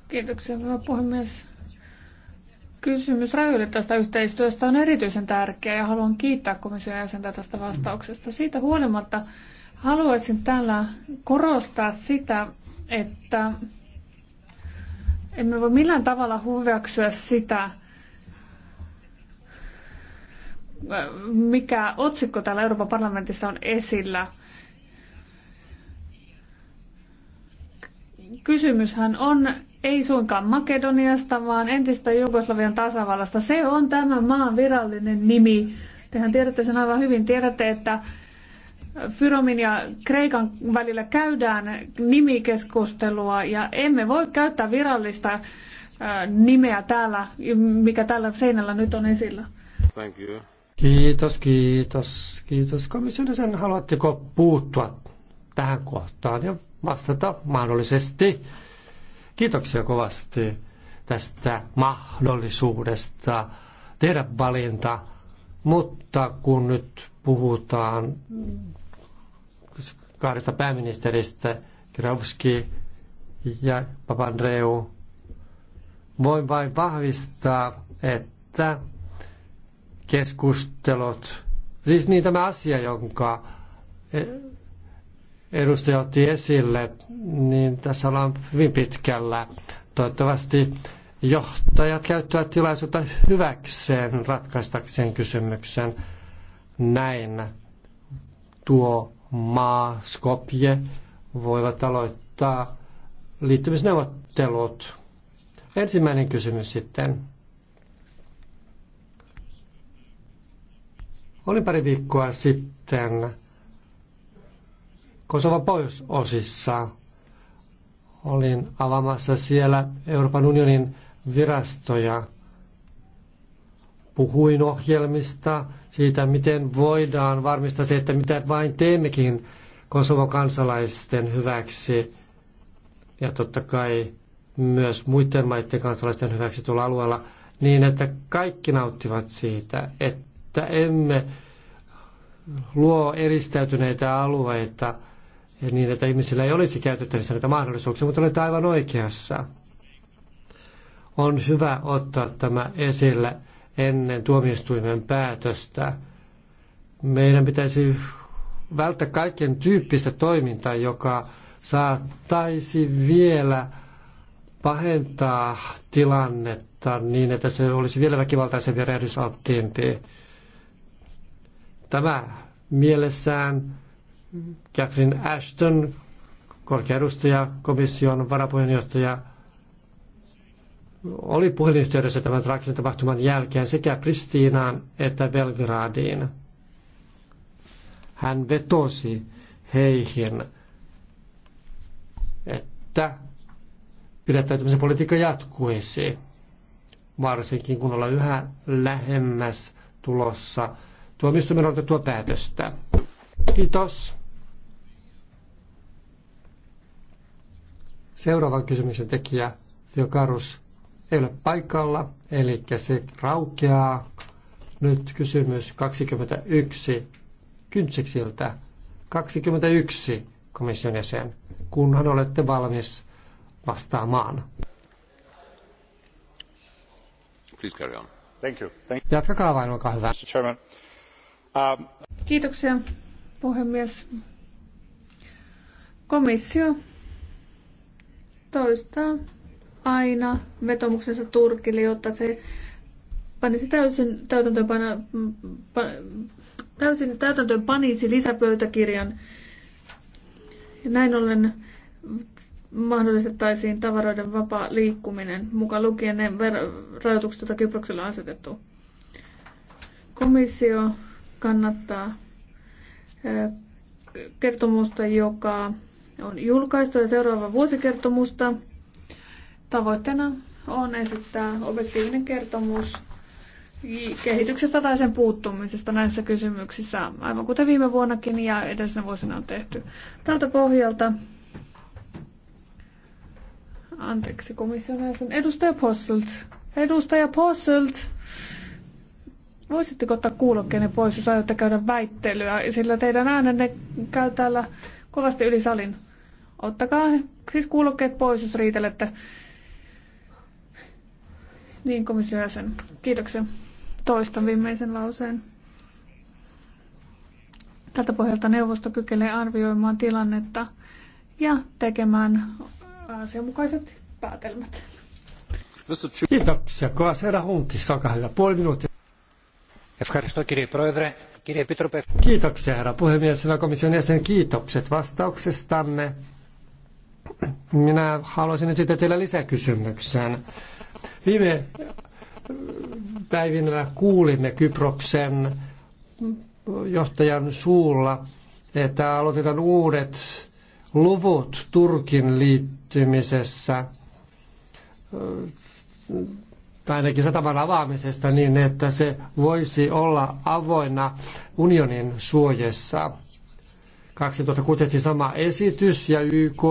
Kiitoksia, hyvä puhemies. Kysymys rajoille tästä yhteistyöstä on erityisen tärkeä ja haluan kiittää komission jäsentä tästä vastauksesta. Siitä huolimatta haluaisin täällä korostaa sitä, että emme voi millään tavalla hyväksyä sitä, mikä otsikko täällä Euroopan parlamentissa on esillä. Kysymyshän on ei suinkaan Makedoniasta, vaan entistä Jugoslavian tasavallasta. Se on tämän maan virallinen nimi. Tehän tiedätte sen aivan hyvin. Tiedätte, että Fyromin ja Kreikan välillä käydään nimikeskustelua ja emme voi käyttää virallista äh, nimeä täällä, mikä tällä seinällä nyt on esillä. Thank you. Kiitos, kiitos, kiitos. Komission sen haluatteko puuttua tähän kohtaan ja vastata mahdollisesti? Kiitoksia kovasti tästä mahdollisuudesta tehdä valinta, mutta kun nyt puhutaan kahdesta pääministeristä, Kravski ja Papandreou. Voin vain vahvistaa, että keskustelut, siis niin tämä asia, jonka e, edustaja otti esille, niin tässä ollaan hyvin pitkällä. Toivottavasti johtajat käyttävät tilaisuutta hyväkseen ratkaistakseen kysymyksen. Näin tuo maa, Skopje voivat aloittaa liittymisneuvottelut. Ensimmäinen kysymys sitten. Olin pari viikkoa sitten Kosovan pohjoisosissa. Olin avaamassa siellä Euroopan unionin virastoja. Puhuin ohjelmista, siitä, miten voidaan varmistaa se, että mitä vain teemmekin Kosovon kansalaisten hyväksi ja totta kai myös muiden maiden kansalaisten hyväksi tuolla alueella, niin että kaikki nauttivat siitä, että emme luo eristäytyneitä alueita niin, että ihmisillä ei olisi käytettävissä näitä mahdollisuuksia, mutta olet aivan oikeassa. On hyvä ottaa tämä esille ennen tuomioistuimen päätöstä. Meidän pitäisi välttää kaiken tyyppistä toimintaa, joka saattaisi vielä pahentaa tilannetta niin, että se olisi vielä väkivaltaisempi ja räjähdysalttiimpi. Tämä mielessään Catherine Ashton, korkea edustaja, komission varapuheenjohtaja, oli puhelinyhteydessä tämän traagisen tapahtuman jälkeen sekä Pristiinaan että Belgradiin. Hän vetosi heihin, että pidättäytymisen politiikka jatkuisi, varsinkin kun ollaan yhä lähemmäs tulossa tuomioistuimen odotettua päätöstä. Kiitos. Seuraavan kysymyksen tekijä Karus ei ole paikalla, eli se raukeaa. Nyt kysymys 21 Kyntseksiltä. 21 komission jäsen, kunhan olette valmis vastaamaan. Please carry on. Thank you. Thank you. Jatkakaa vain, olkaa hyvä. Mr. Chairman. Um, Kiitoksia, puhemies. Komissio toistaa aina vetomuksensa Turkille, jotta se panisi täysin täytäntöön, täysin täytäntöön panisi lisäpöytäkirjan. Ja näin ollen mahdollistettaisiin tavaroiden vapaa liikkuminen, mukaan lukien ne rajoitukset, joita Kyproksella on asetettu. Komissio kannattaa kertomusta, joka on julkaistu ja seuraava vuosikertomusta Tavoitteena on esittää objektiivinen kertomus kehityksestä tai sen puuttumisesta näissä kysymyksissä, aivan kuten viime vuonnakin ja edellisenä vuosina on tehty. Tältä pohjalta, anteeksi komissionäisen, edustaja Posselt, edustaja Posselt, voisitteko ottaa kuulokkeenne pois, jos aiotte käydä väittelyä, sillä teidän äänenne käy täällä kovasti yli salin. Ottakaa siis kuulokkeet pois, jos riitelette. Niin, komission jäsen. Kiitoksia. Toistan viimeisen lauseen. Tältä pohjalta neuvosto kykenee arvioimaan tilannetta ja tekemään asianmukaiset päätelmät. Kiitoksia. Kovasti herra Huntis, olkaa hyvä. Puoli minuuttia. Kiitoksia herra puhemies, hyvä komission jäsen, kiitokset vastauksestanne. Minä haluaisin esittää teille lisäkysymyksen. Viime äh, päivinä kuulimme Kyproksen johtajan suulla, että aloitetaan uudet luvut Turkin liittymisessä, tai äh, ainakin sataman avaamisesta niin, että se voisi olla avoinna unionin suojessa. 2016 sama esitys ja YK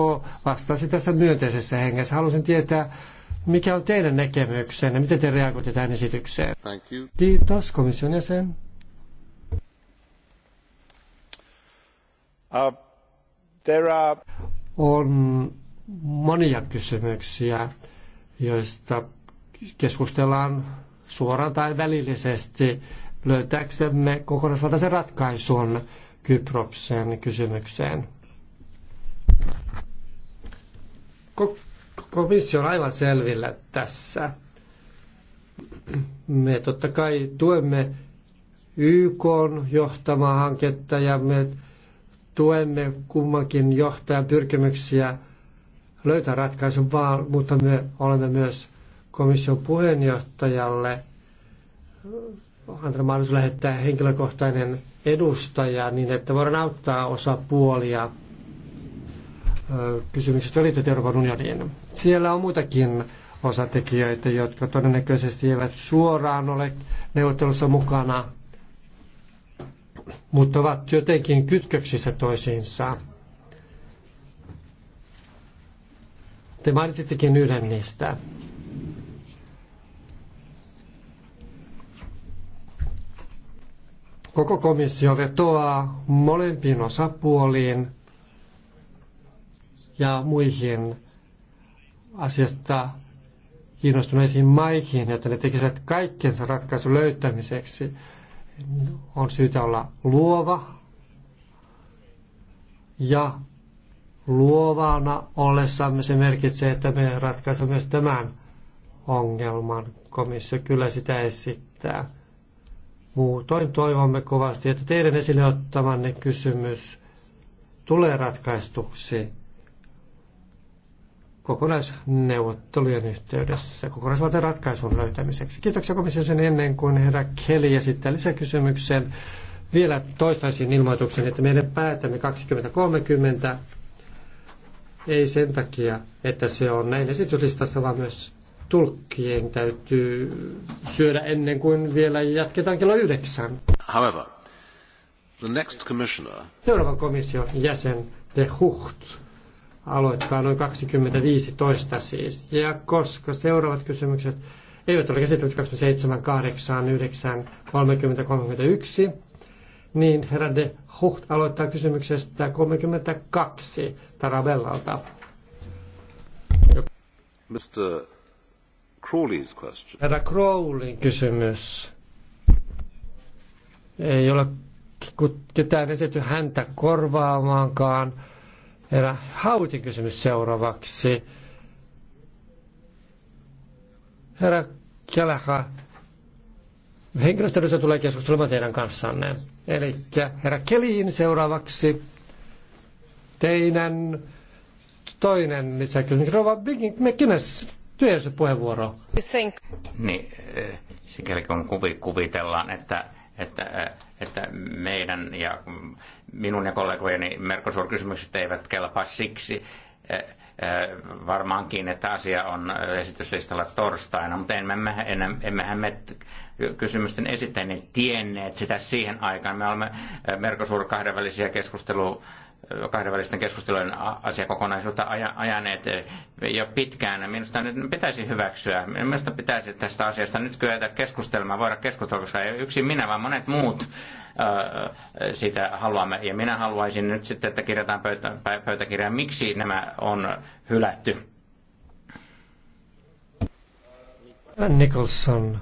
vastasi tässä myönteisessä hengessä. Haluaisin tietää, mikä on teidän näkemyksenne? Miten te reagoitte tähän esitykseen? Thank you. Kiitos komission jäsen. Uh, there are... On monia kysymyksiä, joista keskustellaan suoraan tai välillisesti löytääksemme kokonaisvaltaisen ratkaisun Kyproksen kysymykseen. Ko- Komissio on aivan selvillä tässä. Me totta kai tuemme YK johtamaa hanketta ja me tuemme kummankin johtajan pyrkimyksiä löytää ratkaisun, vaan, mutta me olemme myös komission puheenjohtajalle antanut mahdollisuus lähettää henkilökohtainen edustaja niin, että voidaan auttaa osapuolia kysymyksestä liittyy Euroopan unioniin. Siellä on muitakin osatekijöitä, jotka todennäköisesti eivät suoraan ole neuvottelussa mukana, mutta ovat jotenkin kytköksissä toisiinsa. Te mainitsittekin yhden niistä. Koko komissio vetoaa molempiin osapuoliin – ja muihin asiasta kiinnostuneisiin maihin, jotta ne tekisivät kaikkensa ratkaisu löytämiseksi. On syytä olla luova ja luovana ollessamme se merkitsee, että me ratkaisemme myös tämän ongelman. Komissio kyllä sitä esittää. Muutoin toivomme kovasti, että teidän esille ottamanne kysymys tulee ratkaistuksi kokonaisneuvottelujen yhteydessä kokonaisvaltain ratkaisun löytämiseksi. Kiitoksia komission sen ennen kuin herra Kelly esittää lisäkysymyksen. Vielä toistaisin ilmoituksen, että meidän päätämme 2030 ei sen takia, että se on näin esityslistassa, vaan myös tulkkien täytyy syödä ennen kuin vielä jatketaan kello yhdeksän. However, the next commissioner... Seuraavan komission jäsen, de Hucht, aloittaa noin 2015 siis. Ja koska seuraavat kysymykset eivät ole käsitelty 27, 8, 9, 30, 31, niin herra de Hucht aloittaa kysymyksestä 32 Tarabellalta. Mr. Crawley's question. Herra Crowleyn kysymys. Ei ole ketään esitetty häntä korvaamaankaan Herra Hautin kysymys seuraavaksi. Herra Kelaha, henkilöstöryhmä tulee keskustelemaan teidän kanssanne. Eli herra Keliin seuraavaksi teidän toinen lisäkysymys. Rova työssä puheenvuoro. Niin, eh, sikäli kun kuvitellaan, että, että, eh, että meidän ja minun ja kollegojeni Mercosur-kysymykset eivät kelpaa siksi, varmaankin, että asia on esityslistalla torstaina, mutta emmehän, emmehän me kysymysten esittäneet tienneet sitä siihen aikaan. Me olemme Mercosur kahdenvälisiä keskustelua kahdenvälisten keskustelujen asiakokonaisuutta ajaneet eh, jo pitkään. Minusta nyt pitäisi hyväksyä. Minusta pitäisi tästä asiasta nyt kyetä keskustelemaan, voida keskustella, koska ei yksin minä, vaan monet muut sitä haluamme. Ja minä haluaisin nyt sitten, että kirjataan pöytäkirjaan, miksi nämä on hylätty. Nicholson.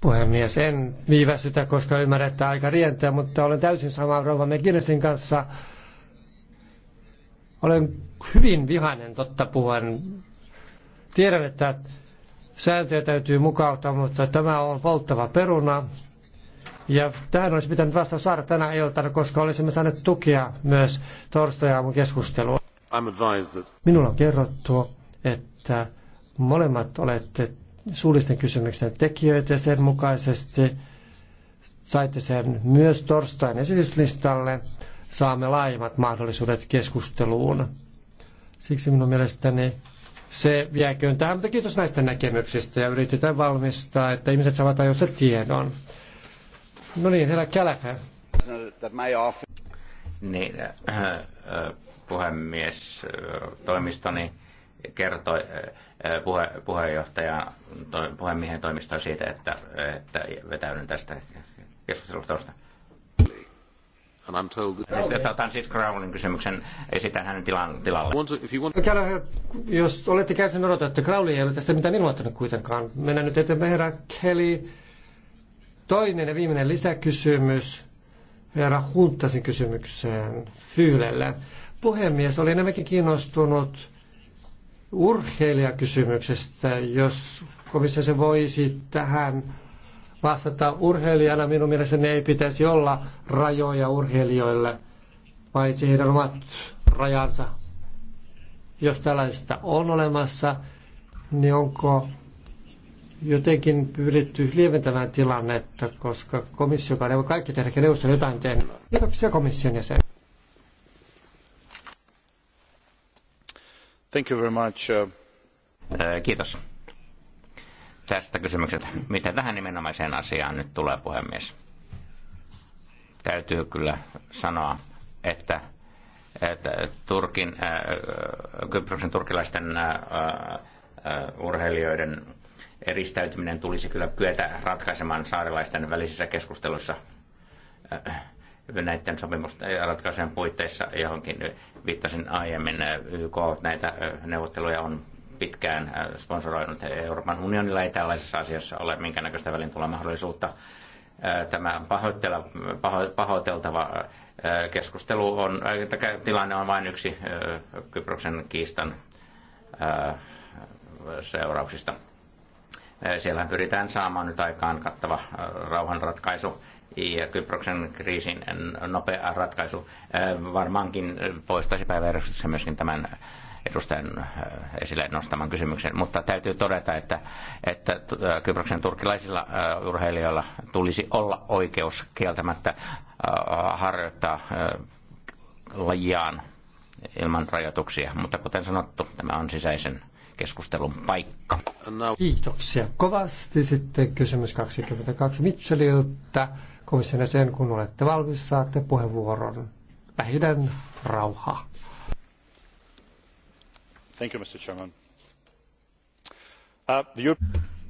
Puhemies, en viivästytä, koska ymmärrän, että aika rientää, mutta olen täysin samaa rouva McGinnessin kanssa olen hyvin vihainen totta puhuen. Tiedän, että sääntöjä täytyy mukauttaa, mutta tämä on polttava peruna. Ja tähän olisi pitänyt vasta saada tänä iltana, koska olisimme saaneet tukea myös torstai-aamun keskustelua. Minulla on kerrottu, että molemmat olette suullisten kysymysten tekijöitä sen mukaisesti saitte sen myös torstain esityslistalle saamme laajemmat mahdollisuudet keskusteluun. Siksi minun mielestäni se jääköön tähän, mutta kiitos näistä näkemyksistä ja yritetään valmistaa, että ihmiset saavat ajoissa tiedon. No niin, herra Kälähä. Niin, äh, äh puhemies, äh, toimistoni kertoi äh, äh puhe, puheenjohtajan, puhemiehen toimistoon siitä, että, että vetäydyn tästä keskustelusta. And I'm told that... Siis otan siis Crowlin kysymyksen, esitän hänen tilan, tilalle. If you want... Mikäli, jos olette käsin odottaa, että Crowley ei ole tästä mitään ilmoittanut kuitenkaan. Mennään nyt eteenpäin, herra Kelly. Toinen ja viimeinen lisäkysymys herra Huntasin kysymykseen Fyylelle. Puhemies, oli enemmänkin kiinnostunut urheilijakysymyksestä, jos komissio se voisi tähän vastata urheilijana. Minun mielestäni ei pitäisi olla rajoja urheilijoille, paitsi heidän omat rajansa. Jos tällaista on olemassa, niin onko jotenkin pyritty lieventämään tilannetta, koska komissio ei voi kaikki tehdä, ja neuvosto jotain tehnyt. Kiitoksia komission jäsen. Thank you very much. Uh, kiitos tästä kysymykset. Miten tähän nimenomaiseen asiaan nyt tulee, puhemies? Täytyy kyllä sanoa, että, että Turkin, äh, Kyproksen turkilaisten äh, äh, urheilijoiden eristäytyminen tulisi kyllä kyetä ratkaisemaan saarelaisten välisissä keskusteluissa äh, näiden sopimusten äh, ratkaisujen puitteissa, johonkin viittasin aiemmin. Äh, YK näitä äh, neuvotteluja on pitkään äh, sponsoroinut. Euroopan unionilla ei tällaisessa asiassa ole minkäännäköistä välintulomahdollisuutta. Äh, tämä pahoiteltava äh, keskustelu on, tilanne on vain yksi Kyproksen kiistan seurauksista. Siellä pyritään saamaan nyt aikaan kattava rauhanratkaisu ja Kyproksen kriisin nopea ratkaisu varmaankin poistaisi päiväjärjestyksen myöskin tämän edustajan äh, esille nostaman kysymyksen, mutta täytyy todeta, että, että äh, Kyproksen turkilaisilla äh, urheilijoilla tulisi olla oikeus kieltämättä harjoittaa lajiaan ilman rajoituksia, mutta kuten sanottu, tämä on sisäisen keskustelun paikka. Kiitoksia kovasti. Sitten kysymys 22 Mitchelliltä. Komission sen, kun olette valmis, saatte puheenvuoron. Lähden rauhaa. Uh,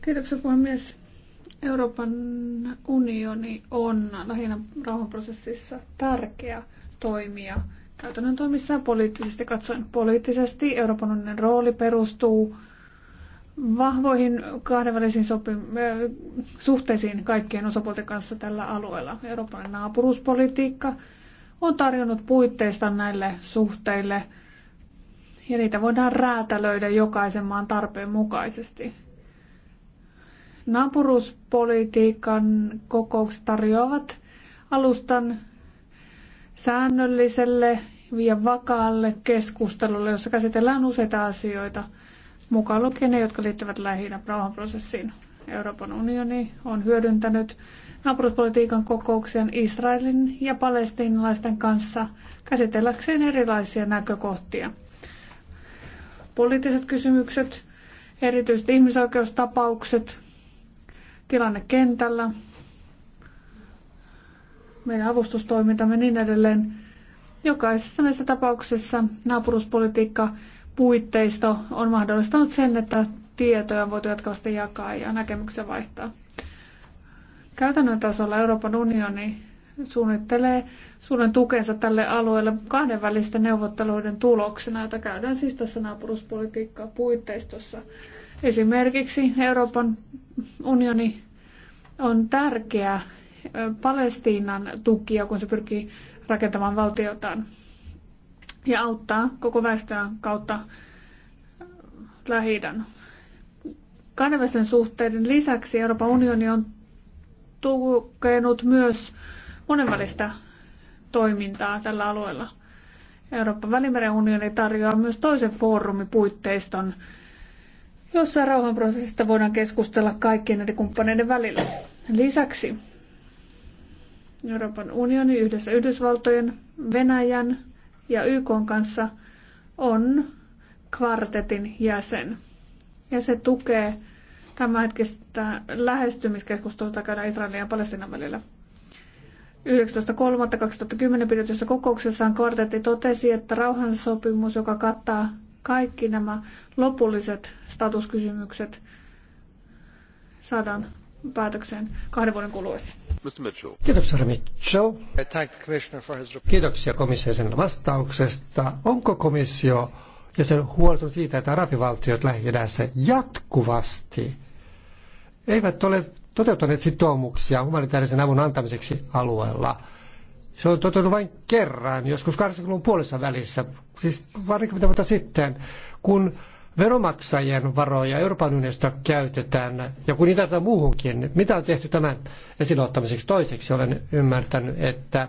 Kiitoksia puhemies. Euroopan unioni on lähinnä rauhanprosessissa tärkeä toimija käytännön toimissaan poliittisesti katsoen. Poliittisesti Euroopan unionin rooli perustuu vahvoihin kahdenvälisiin sopim- äh, suhteisiin kaikkien osapuolten kanssa tällä alueella. Euroopan naapuruuspolitiikka on tarjonnut puitteista näille suhteille – ja niitä voidaan räätälöidä jokaisen maan tarpeen mukaisesti. Naapuruuspolitiikan kokoukset tarjoavat alustan säännölliselle ja vakaalle keskustelulle, jossa käsitellään useita asioita, mukaan lukien ne, jotka liittyvät lähi rauhanprosessiin. Euroopan unioni on hyödyntänyt naapuruuspolitiikan kokouksen Israelin ja palestiinalaisten kanssa käsitelläkseen erilaisia näkökohtia – poliittiset kysymykset, erityisesti ihmisoikeustapaukset, tilanne kentällä, meidän avustustoimintamme ja niin edelleen. Jokaisessa näissä tapauksissa naapuruspolitiikka puitteisto on mahdollistanut sen, että tietoja on voitu jatkuvasti jakaa ja näkemyksiä vaihtaa. Käytännön tasolla Euroopan unioni suunnittelee Suomen tukensa tälle alueelle kahdenvälisten neuvotteluiden tuloksena, jota käydään siis tässä naapuruspolitiikkaa puitteistossa. Esimerkiksi Euroopan unioni on tärkeä Palestiinan tukija, kun se pyrkii rakentamaan valtiotaan ja auttaa koko väestön kautta lähi Kahdenvälisten suhteiden lisäksi Euroopan unioni on tukenut myös monenvälistä toimintaa tällä alueella. Euroopan välimeren unioni tarjoaa myös toisen foorumin puitteiston, jossa rauhanprosessista voidaan keskustella kaikkien eri kumppaneiden välillä. Lisäksi Euroopan unioni yhdessä Yhdysvaltojen, Venäjän ja YK kanssa on kvartetin jäsen. Ja se tukee tämänhetkistä lähestymiskeskustelua käydään Israelin ja Palestinan välillä. 19.3.2010 pidetyssä kokouksessaan kvartetti totesi, että rauhansopimus, joka kattaa kaikki nämä lopulliset statuskysymykset, saadaan päätökseen kahden vuoden kuluessa. Mr. Mitchell. Kiitoksia, Mitchell. Kiitoksia komission vastauksesta. Onko komissio ja sen huoltunut siitä, että arabivaltiot lähi jatkuvasti eivät ole toteuttaneet sitoumuksia humanitaarisen avun antamiseksi alueella. Se on toteutunut vain kerran, joskus 80-luvun puolessa välissä, siis parikymmentä vuotta sitten, kun veromaksajien varoja Euroopan unionista käytetään, ja kun niitä tätä muuhunkin, mitä on tehty tämän esille ottamiseksi toiseksi, olen ymmärtänyt, että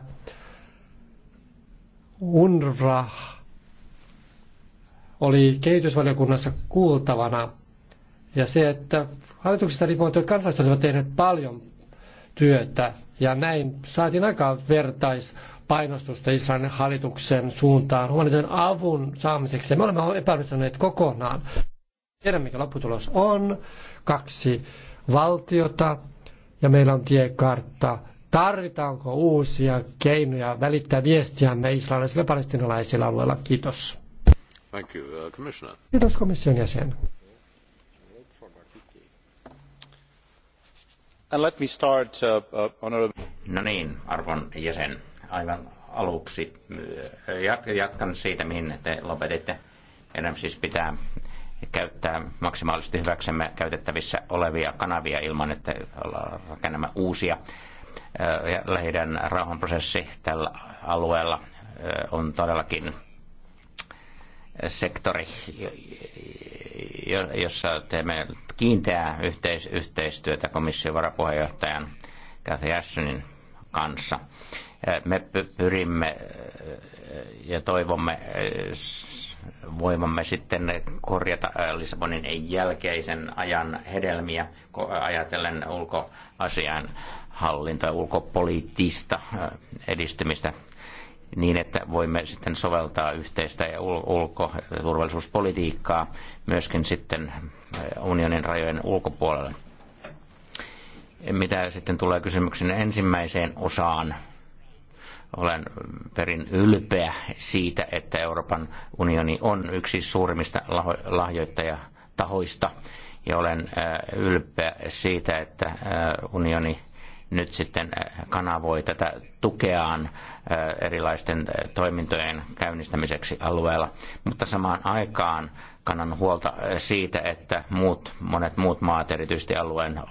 UNRWA oli kehitysvaliokunnassa kuultavana, ja se, että Hallituksesta riippumatta kansalaiset olivat tehneet paljon työtä ja näin saatiin aikaan vertaispainostusta Israelin hallituksen suuntaan humanitaarisen avun saamiseksi. Me olemme epäonnistuneet kokonaan. Tiedämme, mikä lopputulos on. Kaksi valtiota ja meillä on tiekartta. Tarvitaanko uusia keinoja välittää viestiämme israelilaisille ja palestinalaisille alueilla? Kiitos. Thank you, uh, Kiitos komission jäsen. let me start, uh, uh, No niin, arvon jäsen, aivan aluksi äh, jatkan siitä, mihin te lopetitte. Meidän siis pitää käyttää maksimaalisesti hyväksemme käytettävissä olevia kanavia ilman, että rakennamme uusia. Äh, lähidän rauhanprosessi tällä alueella äh, on todellakin sektori, jossa teemme kiinteää yhteis- yhteistyötä komission varapuheenjohtajan Cathy Ashtonin kanssa. Me pyrimme äh, ja toivomme äh, voimamme sitten korjata äh, Lissabonin jälkeisen ajan hedelmiä ajatellen ulkoasian hallintoa, ulkopoliittista edistymistä niin, että voimme sitten soveltaa yhteistä ja ulko- ja turvallisuuspolitiikkaa myöskin sitten äh, unionin rajojen ulkopuolelle. Mitä sitten tulee kysymyksen ensimmäiseen osaan, olen perin ylpeä siitä, että Euroopan unioni on yksi suurimmista lahjoittajatahoista ja olen äh, ylpeä siitä, että äh, unioni nyt sitten äh, kanavoi tätä tukeaan äh, erilaisten äh, toimintojen käynnistämiseksi alueella. Mutta samaan aikaan kannan huolta siitä, että muut, monet muut maat, erityisesti alueen,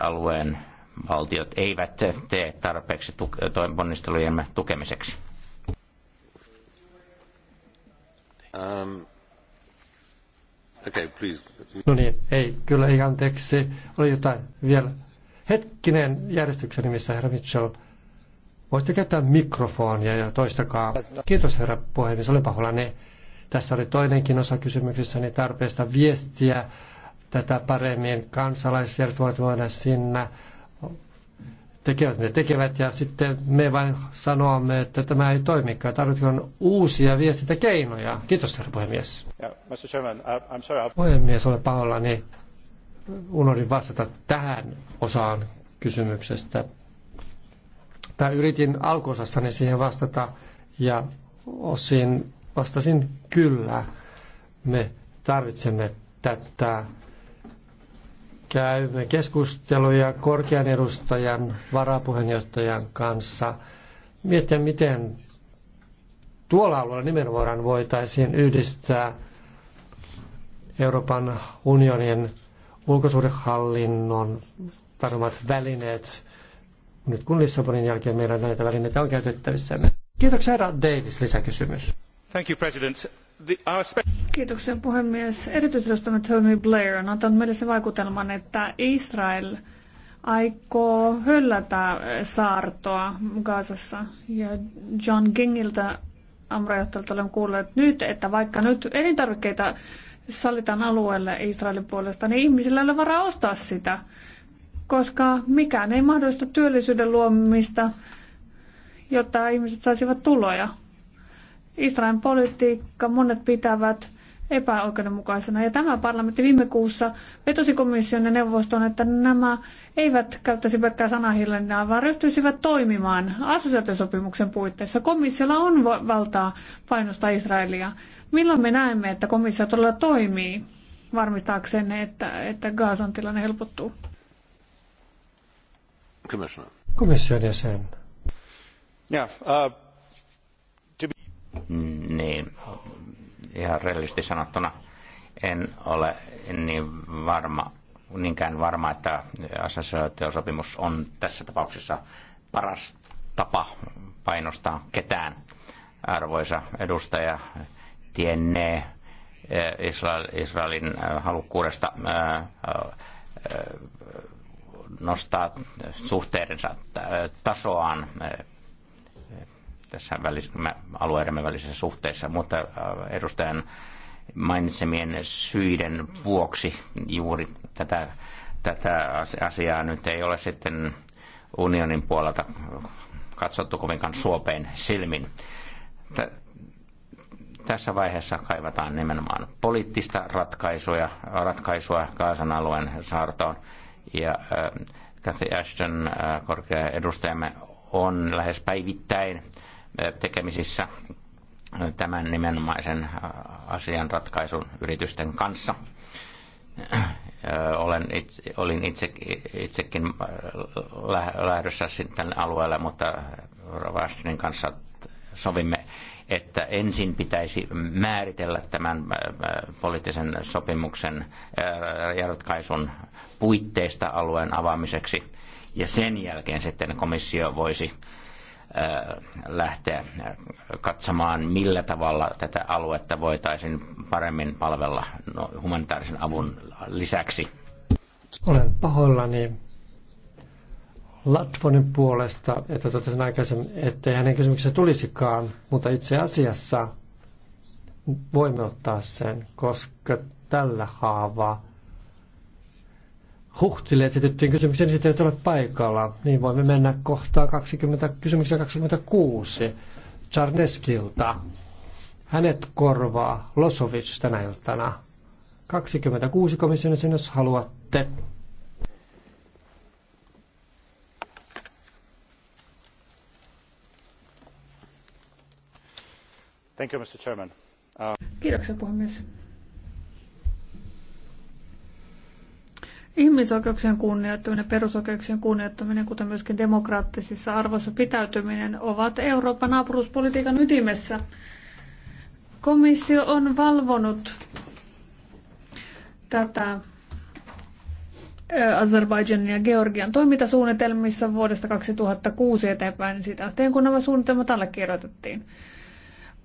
alueen valtiot, eivät tee tarpeeksi tuke- tukemiseksi. Um. Okay, No niin, ei, kyllä ei anteeksi. Oli jotain vielä Hetkinen järjestyksen nimissä, herra Mitchell. Voitte käyttää mikrofonia ja toistakaa. Kiitos herra puhemies, olen ne. Tässä oli toinenkin osa kysymyksessäni tarpeesta viestiä tätä paremmin. kansalaiset voivat voida sinne tekevät ne tekevät ja sitten me vain sanoamme, että tämä ei toimikaan. Tarvitaan uusia viestintäkeinoja. Kiitos, herra puhemies. Yeah, Mr. Chairman, uh, I'm sorry. Puhemies, ole pahoillani unohdin vastata tähän osaan kysymyksestä. Tai yritin alkuosassani siihen vastata ja osin vastasin kyllä. Me tarvitsemme tätä. Käymme keskusteluja korkean edustajan, varapuheenjohtajan kanssa. Miettiä, miten tuolla alueella nimenomaan voitaisiin yhdistää Euroopan unionin ulkosuhdehallinnon tarjoamat välineet. Nyt kun Lissabonin jälkeen meillä näitä välineitä on käytettävissämme. Kiitoksia herra Davis, lisäkysymys. Thank you, President. The, our... Kiitoksia puhemies. Erityisedustamme Tony Blair on antanut meille sen vaikutelman, että Israel aikoo höllätä saartoa Gaasassa. Ja John Gingiltä amrajohtajalta olen kuullut nyt, että vaikka nyt elintarvikkeita sallitaan alueelle Israelin puolesta, niin ihmisillä ei ole varaa ostaa sitä, koska mikään ei mahdollista työllisyyden luomista, jotta ihmiset saisivat tuloja. Israelin politiikka monet pitävät epäoikeudenmukaisena. Ja tämä parlamentti viime kuussa vetosi komission ja neuvostoon, että nämä eivät käyttäisi pelkkää sanahillinnää, vaan ryhtyisivät toimimaan assosiaatiosopimuksen puitteissa. Komissiolla on valtaa painostaa Israelia. Milloin me näemme, että komissio todella toimii varmistaakseen, että, että Gaasan tilanne helpottuu? Komission jäsen. Yeah, äh, uh, to be... Niin, ihan rellisesti sanottuna en ole niin varma niinkään varma, että SSL-sopimus on tässä tapauksessa paras tapa painostaa ketään. Arvoisa edustaja tiennee eh, Israelin eh, halukkuudesta eh, nostaa suhteidensa tasoaan tässä välis- alueidemme välisissä suhteissa, mutta edustajan mainitsemien syiden vuoksi juuri tätä, tätä asiaa nyt ei ole sitten unionin puolelta katsottu kovinkaan suopein silmin. T- tässä vaiheessa kaivataan nimenomaan poliittista ratkaisua, ratkaisua Kaasan alueen saartoon. Ja äh, Cathy Ashton, äh, korkea edustajamme, on lähes päivittäin äh, tekemisissä tämän nimenomaisen äh, asian ratkaisun yritysten kanssa. Äh, olen itse, olin itse, itsekin äh, lähdössä sitten alueelle, mutta Ravastinin kanssa sovimme, että ensin pitäisi määritellä tämän poliittisen sopimuksen ja ratkaisun puitteista alueen avaamiseksi, ja sen jälkeen sitten komissio voisi Äh, lähteä äh, katsomaan, millä tavalla tätä aluetta voitaisiin paremmin palvella no, humanitaarisen avun lisäksi. Olen pahoillani Latvonin puolesta, että totesin aikaisemmin, että hänen kysymyksensä tulisikaan, mutta itse asiassa voimme ottaa sen, koska tällä haavaa Huhtille esitettyyn kysymykseen, niin sitä ole paikalla. Niin voimme mennä kohtaan 20, kysymykseen 26 Czarneskilta. Hänet korvaa Losovic tänä iltana. 26 komission jos haluatte. Thank you, Mr. Chairman. Uh... Kiitoksia puhemies. Ihmisoikeuksien kunnioittaminen, perusoikeuksien kunnioittaminen, kuten myöskin demokraattisissa arvoissa pitäytyminen, ovat Euroopan naapuruuspolitiikan ytimessä. Komissio on valvonut tätä Azerbaidžanin ja Georgian toimintasuunnitelmissa vuodesta 2006 eteenpäin sitä kun nämä suunnitelmat allekirjoitettiin.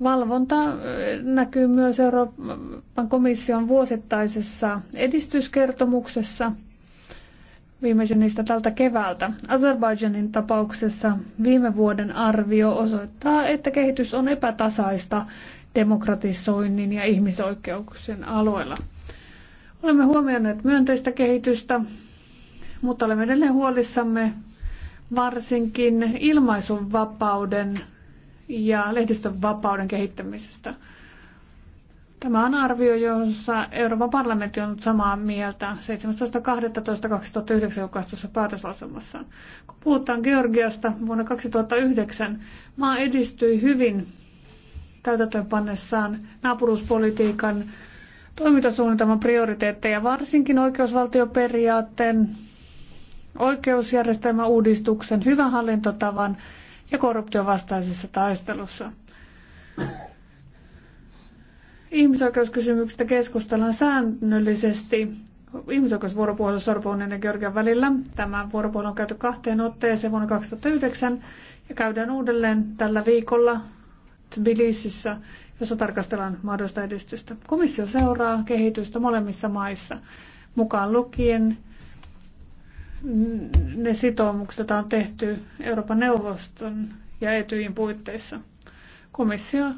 Valvonta äh, näkyy myös Euroopan komission vuosittaisessa edistyskertomuksessa, viimeisen niistä tältä keväältä. Azerbaidžanin tapauksessa viime vuoden arvio osoittaa, että kehitys on epätasaista demokratisoinnin ja ihmisoikeuksien alueella. Olemme huomioineet myönteistä kehitystä, mutta olemme edelleen huolissamme varsinkin ilmaisunvapauden ja lehdistön vapauden kehittämisestä. Tämä on arvio, jossa Euroopan parlamentti on samaa mieltä 17.12.2009 julkaistussa päätösasemassa. Kun puhutaan Georgiasta, vuonna 2009 maa edistyi hyvin täytäntöönpannessaan naapuruuspolitiikan toimintasuunnitelman prioriteetteja, varsinkin oikeusvaltioperiaatteen, oikeusjärjestelmän uudistuksen, hyvän hallintotavan ja korruption vastaisessa taistelussa. Ihmisoikeuskysymyksistä keskustellaan säännöllisesti ihmisoikeusvuoropuhelu Sorbonen ja Georgian välillä. Tämä vuoropuhelu on käyty kahteen otteeseen vuonna 2009 ja käydään uudelleen tällä viikolla Tbilisissä, jossa tarkastellaan mahdollista edistystä. Komissio seuraa kehitystä molemmissa maissa, mukaan lukien ne sitoumukset, joita on tehty Euroopan neuvoston ja Etyjin puitteissa. Komissio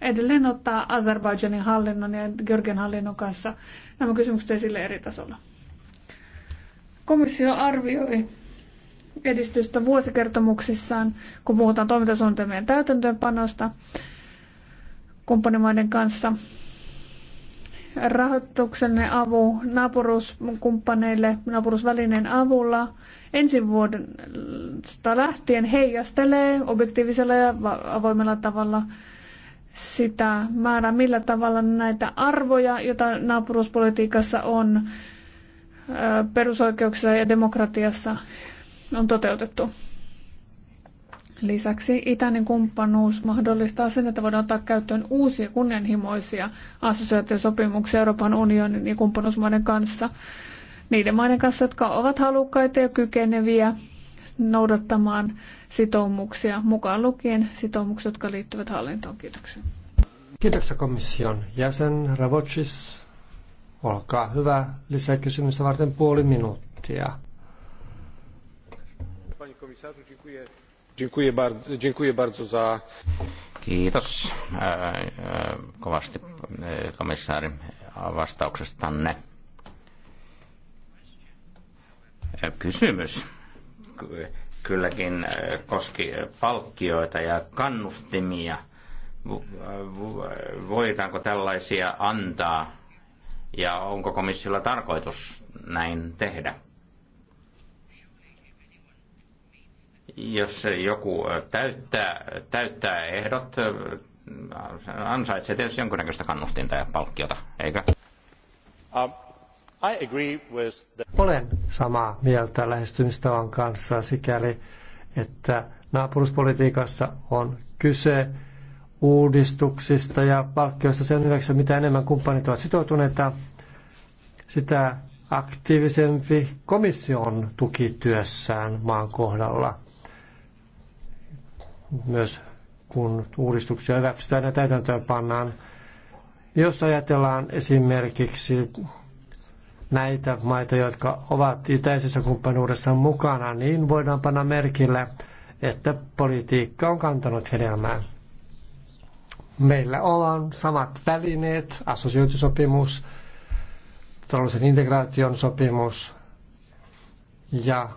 edelleen ottaa Azerbaidžanin hallinnon ja Georgian hallinnon kanssa nämä kysymykset esille eri tasolla. Komissio arvioi edistystä vuosikertomuksissaan, kun puhutaan toimintasuunnitelmien täytäntöönpanosta kumppanimaiden kanssa rahoituksenne avu naapuruskumppaneille naapurusvälineen avulla ensi vuodesta lähtien heijastelee objektiivisella ja avoimella tavalla sitä määrää, millä tavalla näitä arvoja, joita naapuruuspolitiikassa on perusoikeuksissa ja demokratiassa on toteutettu. Lisäksi itäinen kumppanuus mahdollistaa sen, että voidaan ottaa käyttöön uusia kunnianhimoisia assosiaatiosopimuksia Euroopan unionin ja kumppanuusmaiden kanssa. Niiden maiden kanssa, jotka ovat halukkaita ja kykeneviä noudattamaan sitoumuksia, mukaan lukien sitoumukset, jotka liittyvät hallintoon. Kiitoksia. Kiitoksia komission jäsen Ravocis. Olkaa hyvä. Lisäkysymystä varten puoli minuuttia. Kiitos kovasti komissaari vastauksestanne. Kysymys kylläkin koski palkkioita ja kannustimia. Voidaanko tällaisia antaa ja onko komissiolla tarkoitus näin tehdä? Jos joku täyttää, täyttää ehdot, ansaitsee tietysti jonkinnäköistä kannustinta ja palkkiota, eikö? Um, I agree with the... Olen samaa mieltä lähestymistavan kanssa sikäli, että naapuruspolitiikassa on kyse uudistuksista ja palkkioista sen hyväksi, mitä enemmän kumppanit ovat sitoutuneita, sitä aktiivisempi komission tukityössään maan kohdalla myös kun uudistuksia hyväksytään ja täytäntöön pannaan. Jos ajatellaan esimerkiksi näitä maita, jotka ovat itäisessä kumppanuudessa mukana, niin voidaan panna merkille, että politiikka on kantanut hedelmää. Meillä on samat välineet, assosiointisopimus, taloudellisen integraation sopimus ja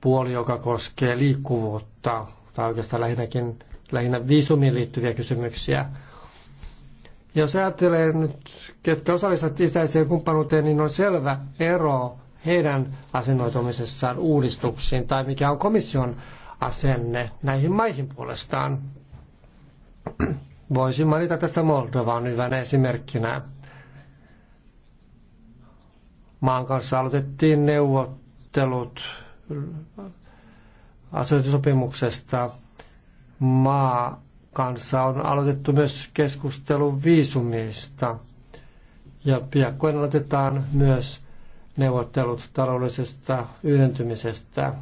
puoli, joka koskee liikkuvuutta tai oikeastaan lähinnäkin, lähinnä viisumiin liittyviä kysymyksiä. Ja jos ajattelee nyt, ketkä osallistuvat sisäiseen kumppanuuteen, niin on selvä ero heidän asennoitumisessaan uudistuksiin tai mikä on komission asenne näihin maihin puolestaan. Voisin mainita tässä Moldovan hyvänä esimerkkinä. Maan kanssa aloitettiin neuvottelut asioitusopimuksesta maa kanssa on aloitettu myös keskustelu viisumista. Ja piakkoin aloitetaan myös neuvottelut taloudellisesta yhdentymisestä.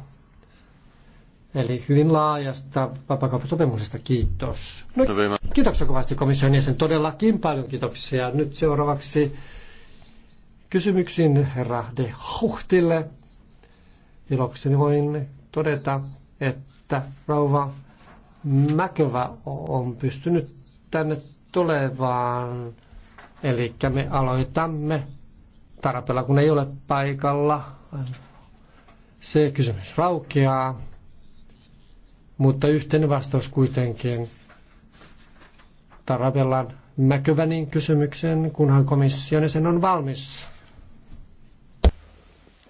Eli hyvin laajasta vapaakauppasopimuksesta kiitos. No, kiitoksia kovasti komission jäsen. Todellakin paljon kiitoksia. Nyt seuraavaksi kysymyksiin herra de Huhtille. Ilokseni voin todeta, että rouva Mäkövä on pystynyt tänne tulevaan. Eli me aloitamme tarpeella, kun ei ole paikalla. Se kysymys raukeaa, mutta yhteinen vastaus kuitenkin Tarabellan Mäkövänin kysymyksen, kunhan komission sen on valmis.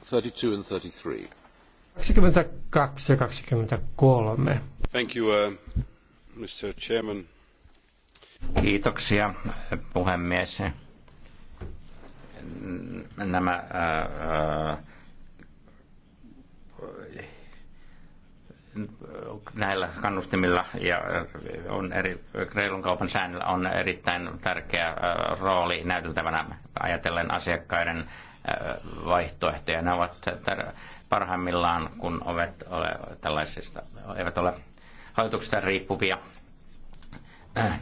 32 and 33. 22 ja 23. Thank you, uh, Mr. Chairman. Kiitoksia, puhemies. Nämä äh, äh, näillä kannustimilla ja äh, on eri, reilun kaupan säännöllä on erittäin tärkeä rooli näyteltävänä ajatellen asiakkaiden vaihtoehtoja. Ne ovat parhaimmillaan, kun ovet ole tällaisista, eivät ole hallituksesta riippuvia. Äh,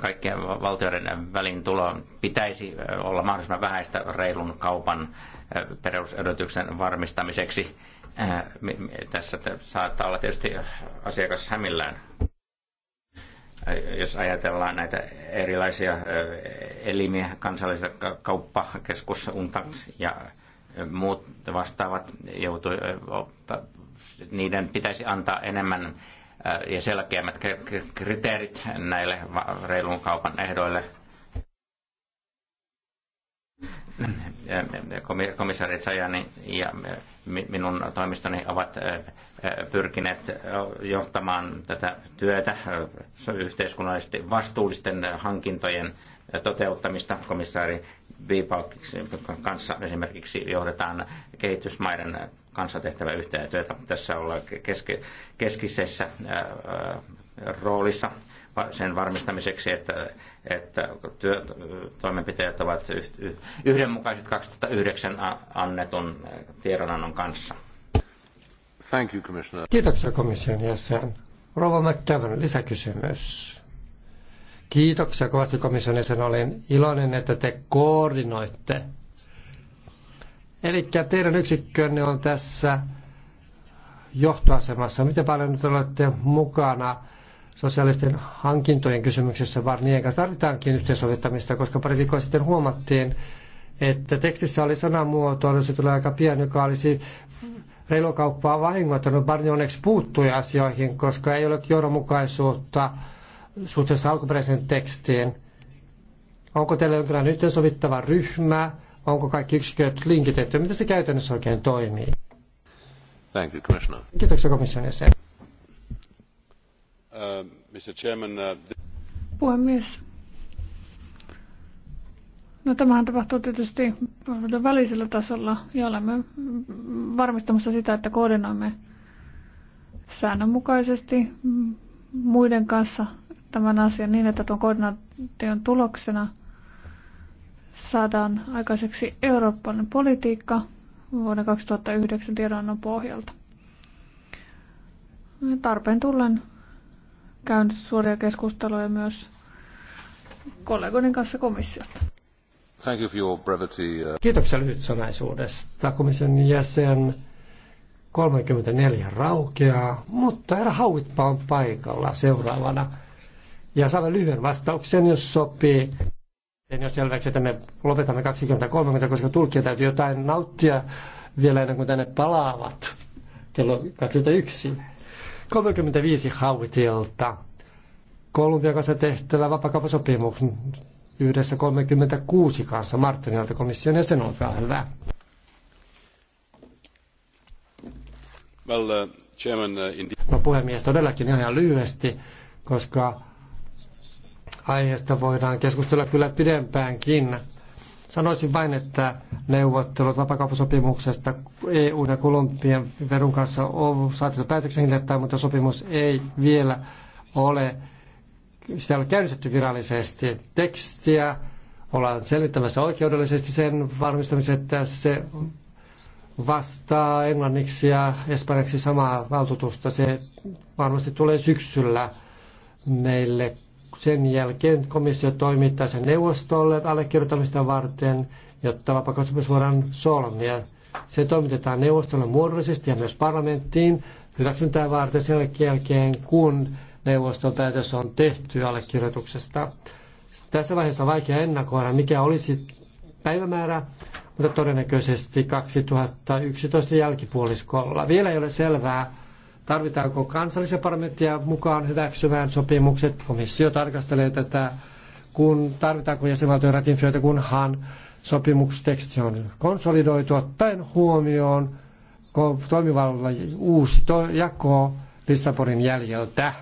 kaikkien valtioiden välin tulo pitäisi äh, olla mahdollisimman vähäistä reilun kaupan äh, perusedotuksen varmistamiseksi. Tässä saattaa olla tietysti asiakas hämillään jos ajatellaan näitä erilaisia elimiä, kansalliset kauppakeskus, UNTAX ja muut vastaavat, joutui, niiden pitäisi antaa enemmän ja selkeämmät kriteerit näille reilun kaupan ehdoille. Komissaari Sajani ja minun toimistoni ovat pyrkineet johtamaan tätä työtä yhteiskunnallisesti vastuullisten hankintojen toteuttamista. Komissaari Viipalkin kanssa esimerkiksi johdetaan kehitysmaiden kanssa tehtävä yhteistyötä. Tässä ollaan keske, keskisessä roolissa sen varmistamiseksi, että, että työ, toimenpiteet ovat yhdenmukaiset 2009 annetun tiedonannon kanssa. Thank you, Commissioner. Kiitoksia komission jäsen. Rova McCavan, lisäkysymys. Kiitoksia kovasti komission jäsen. Olen iloinen, että te koordinoitte. Eli teidän yksikkönne on tässä johtoasemassa. Miten paljon nyt olette mukana? sosiaalisten hankintojen kysymyksessä Barnien kanssa tarvitaankin yhteensovittamista, koska pari viikkoa sitten huomattiin, että tekstissä oli sanamuoto, se tulee aika pian, joka olisi reilu vahingoittanut. Barni onneksi puuttui asioihin, koska ei ole johdonmukaisuutta suhteessa alkuperäiseen tekstiin. Onko teillä jonkinlainen yhteensovittava ryhmä? Onko kaikki yksiköt linkitetty? Miten se käytännössä oikein toimii? Thank you, Commissioner. Kiitoksia komission jäsen. Uh, Puhemies. No, tämähän tapahtuu tietysti välisellä tasolla ja olemme varmistamassa sitä, että koordinoimme säännönmukaisesti muiden kanssa tämän asian niin, että tuon koordinaation tuloksena saadaan aikaiseksi eurooppalainen politiikka vuoden 2009 tiedonannon pohjalta. Tarpeen tullen Käyn suoria keskusteluja myös kollegoiden kanssa komissiosta. Thank you for your brevity. Uh, Kiitoksia sanaisuudesta. Komission jäsen 34 raukeaa, mutta herra Hauitpa on paikalla seuraavana. Ja saamme lyhyen vastauksen, jos sopii. En ole selväksi, että me lopetamme 20.30, koska tulkia täytyy jotain nauttia vielä ennen kuin tänne palaavat kello 21. 35 Hautilta. Kolumbian kanssa tehtävä vapakaupasopimus yhdessä 36 kanssa Martinilta komission jäsen, olkaa hyvä. Well, uh, chairman, uh, no puhemies, todellakin ihan lyhyesti, koska aiheesta voidaan keskustella kyllä pidempäänkin. Sanoisin vain, että neuvottelut vapakauppasopimuksesta EU ja Kolumbian verun kanssa on saatettu päätöksen hiljattain, mutta sopimus ei vielä ole, sitä ei ole käynnistetty virallisesti. Tekstiä ollaan selvittämässä oikeudellisesti sen varmistamiseksi, että se vastaa englanniksi ja espanjaksi samaa valtuutusta. Se varmasti tulee syksyllä meille sen jälkeen komissio toimittaa sen neuvostolle allekirjoittamista varten, jotta vapaakauppasopimus voidaan solmia. Se toimitetaan neuvostolle muodollisesti ja myös parlamenttiin hyväksyntää varten sen jälkeen, kun neuvoston päätös on tehty allekirjoituksesta. Tässä vaiheessa on vaikea ennakoida, mikä olisi päivämäärä, mutta todennäköisesti 2011 jälkipuoliskolla. Vielä ei ole selvää, Tarvitaanko kansallisia parlamentteja mukaan hyväksymään sopimukset? Komissio tarkastelee tätä, kun tarvitaanko jäsenvaltion ratifioita, kunhan sopimusteksti on konsolidoitu ottaen huomioon toimivalla uusi to- jako Lissabonin jäljeltä.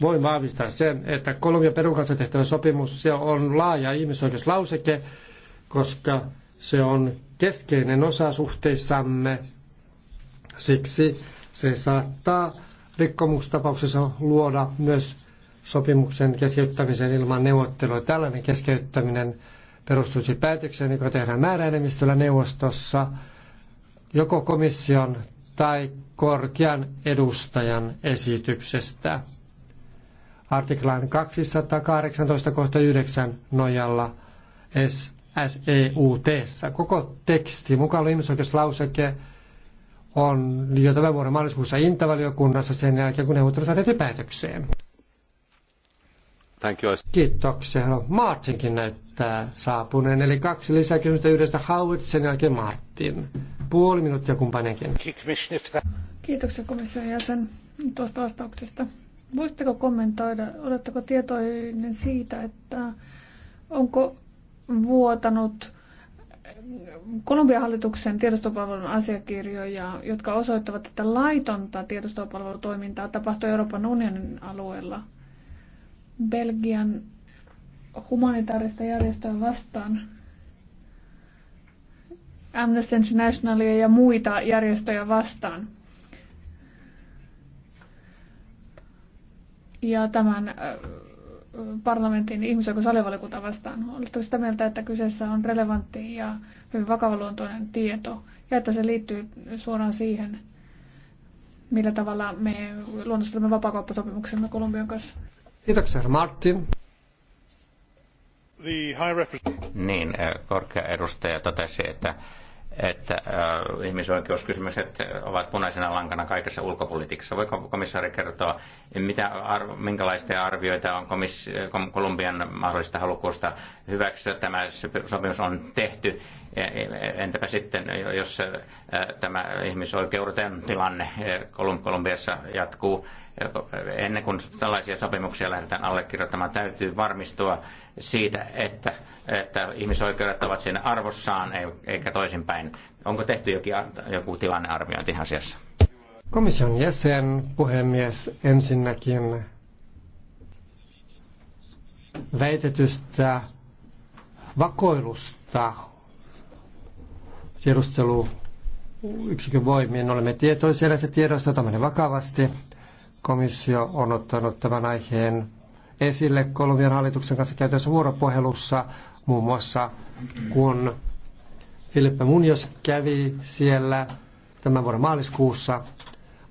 Voin vahvistaa sen, että Kolumbian Perun kanssa tehtävä sopimus se on laaja ihmisoikeuslauseke, koska se on keskeinen osa suhteissamme. Siksi se saattaa rikkomustapauksessa luoda myös sopimuksen keskeyttämisen ilman neuvottelua. Tällainen keskeyttäminen perustuisi päätökseen, joka tehdään määräenemmistöllä neuvostossa joko komission tai korkean edustajan esityksestä. Artiklan 218 kohta 9 nojalla SEUT. Koko teksti, mukaan ihmisoikeuslauseke, on jo tämän vuoden maaliskuussa Intavaliokunnassa sen jälkeen, kun neuvottelut saatiin päätökseen. Thank you. Kiitoksia. No, Martinkin näyttää saapuneen, eli kaksi lisäkysymystä yhdestä Howard, sen jälkeen Martin. Puoli minuuttia kumpainenkin. Kiitoksia komission jäsen tuosta vastauksesta. Voisitteko kommentoida, oletteko tietoinen siitä, että onko vuotanut Kolumbian hallituksen tiedostopalvelun asiakirjoja, jotka osoittavat, että laitonta tiedostopalvelutoimintaa tapahtui Euroopan unionin alueella. Belgian humanitaarista järjestöä vastaan Amnesty Internationalia ja muita järjestöjä vastaan. Ja tämän äh, parlamentin ihmisoikeusalivalikunta vastaan. Oletteko sitä mieltä, että kyseessä on relevantti ja hyvin vakavaluontoinen tieto ja että se liittyy suoraan siihen, millä tavalla me luonnostelemme vapaakauppasopimuksemme Kolumbian kanssa? Kiitoksia, Martin. The high Niin, eh, korkea edustaja totesi, että että ihmisoikeuskysymykset ovat punaisena lankana kaikessa ulkopolitiikassa. Voiko komissaari kertoa, mitä, arvo, minkälaisia arvioita on komis, Kolumbian mahdollista halukkuusta hyväksyä tämä sopimus on tehty Entäpä sitten, jos äh, tämä ihmisoikeuden tilanne äh, Kolumbiassa jatkuu, äh, ennen kuin tällaisia sopimuksia lähdetään allekirjoittamaan, täytyy varmistua siitä, että, että ihmisoikeudet ovat siinä arvossaan eikä toisinpäin. Onko tehty jokin, joku tilannearviointi asiassa? Komission jäsen, puhemies, ensinnäkin väitetystä vakoilusta tiedusteluyksikön voimien Olemme tietoisia näistä tiedoista, otamme ne vakavasti. Komissio on ottanut tämän aiheen esille Kolumbian hallituksen kanssa käytössä vuoropuhelussa, muun muassa kun Filippe Munjos kävi siellä tämän vuoden maaliskuussa,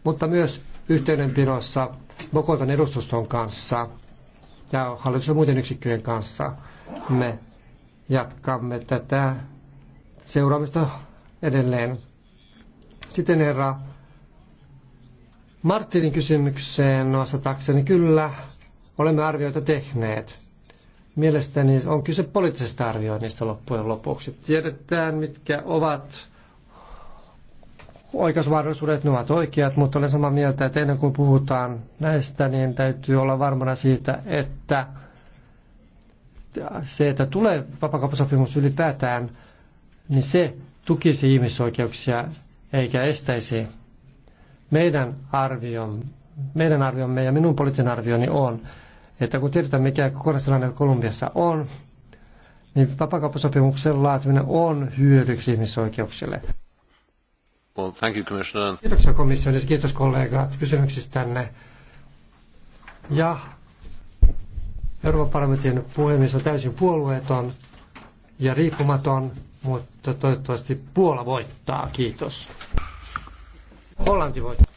mutta myös yhteydenpidossa Bogotan edustuston kanssa ja ja muiden yksikköjen kanssa. Me jatkamme tätä seuraamista edelleen. Sitten herra Martinin kysymykseen vastatakseni, kyllä olemme arvioita tehneet. Mielestäni on kyse poliittisesta arvioinnista loppujen lopuksi. Tiedetään, mitkä ovat oikeusmahdollisuudet, ne ovat oikeat, mutta olen samaa mieltä, että ennen kuin puhutaan näistä, niin täytyy olla varmana siitä, että se, että tulee vapakauppasopimus ylipäätään, niin se tukisi ihmisoikeuksia eikä estäisi. Meidän, arvion, meidän arviomme ja minun poliittinen arvioni on, että kun tiedetään mikä kokonaistilanne Kolumbiassa on, niin vapakauppasopimuksen laatiminen on hyödyksi ihmisoikeuksille. Well, thank you, Commissioner. Kiitoksia komissiolle ja kiitos kollegat kysymyksistänne. Ja Euroopan parlamentin puhemies on täysin puolueeton ja riippumaton mutta toivottavasti Puola voittaa. Kiitos. Hollanti voittaa.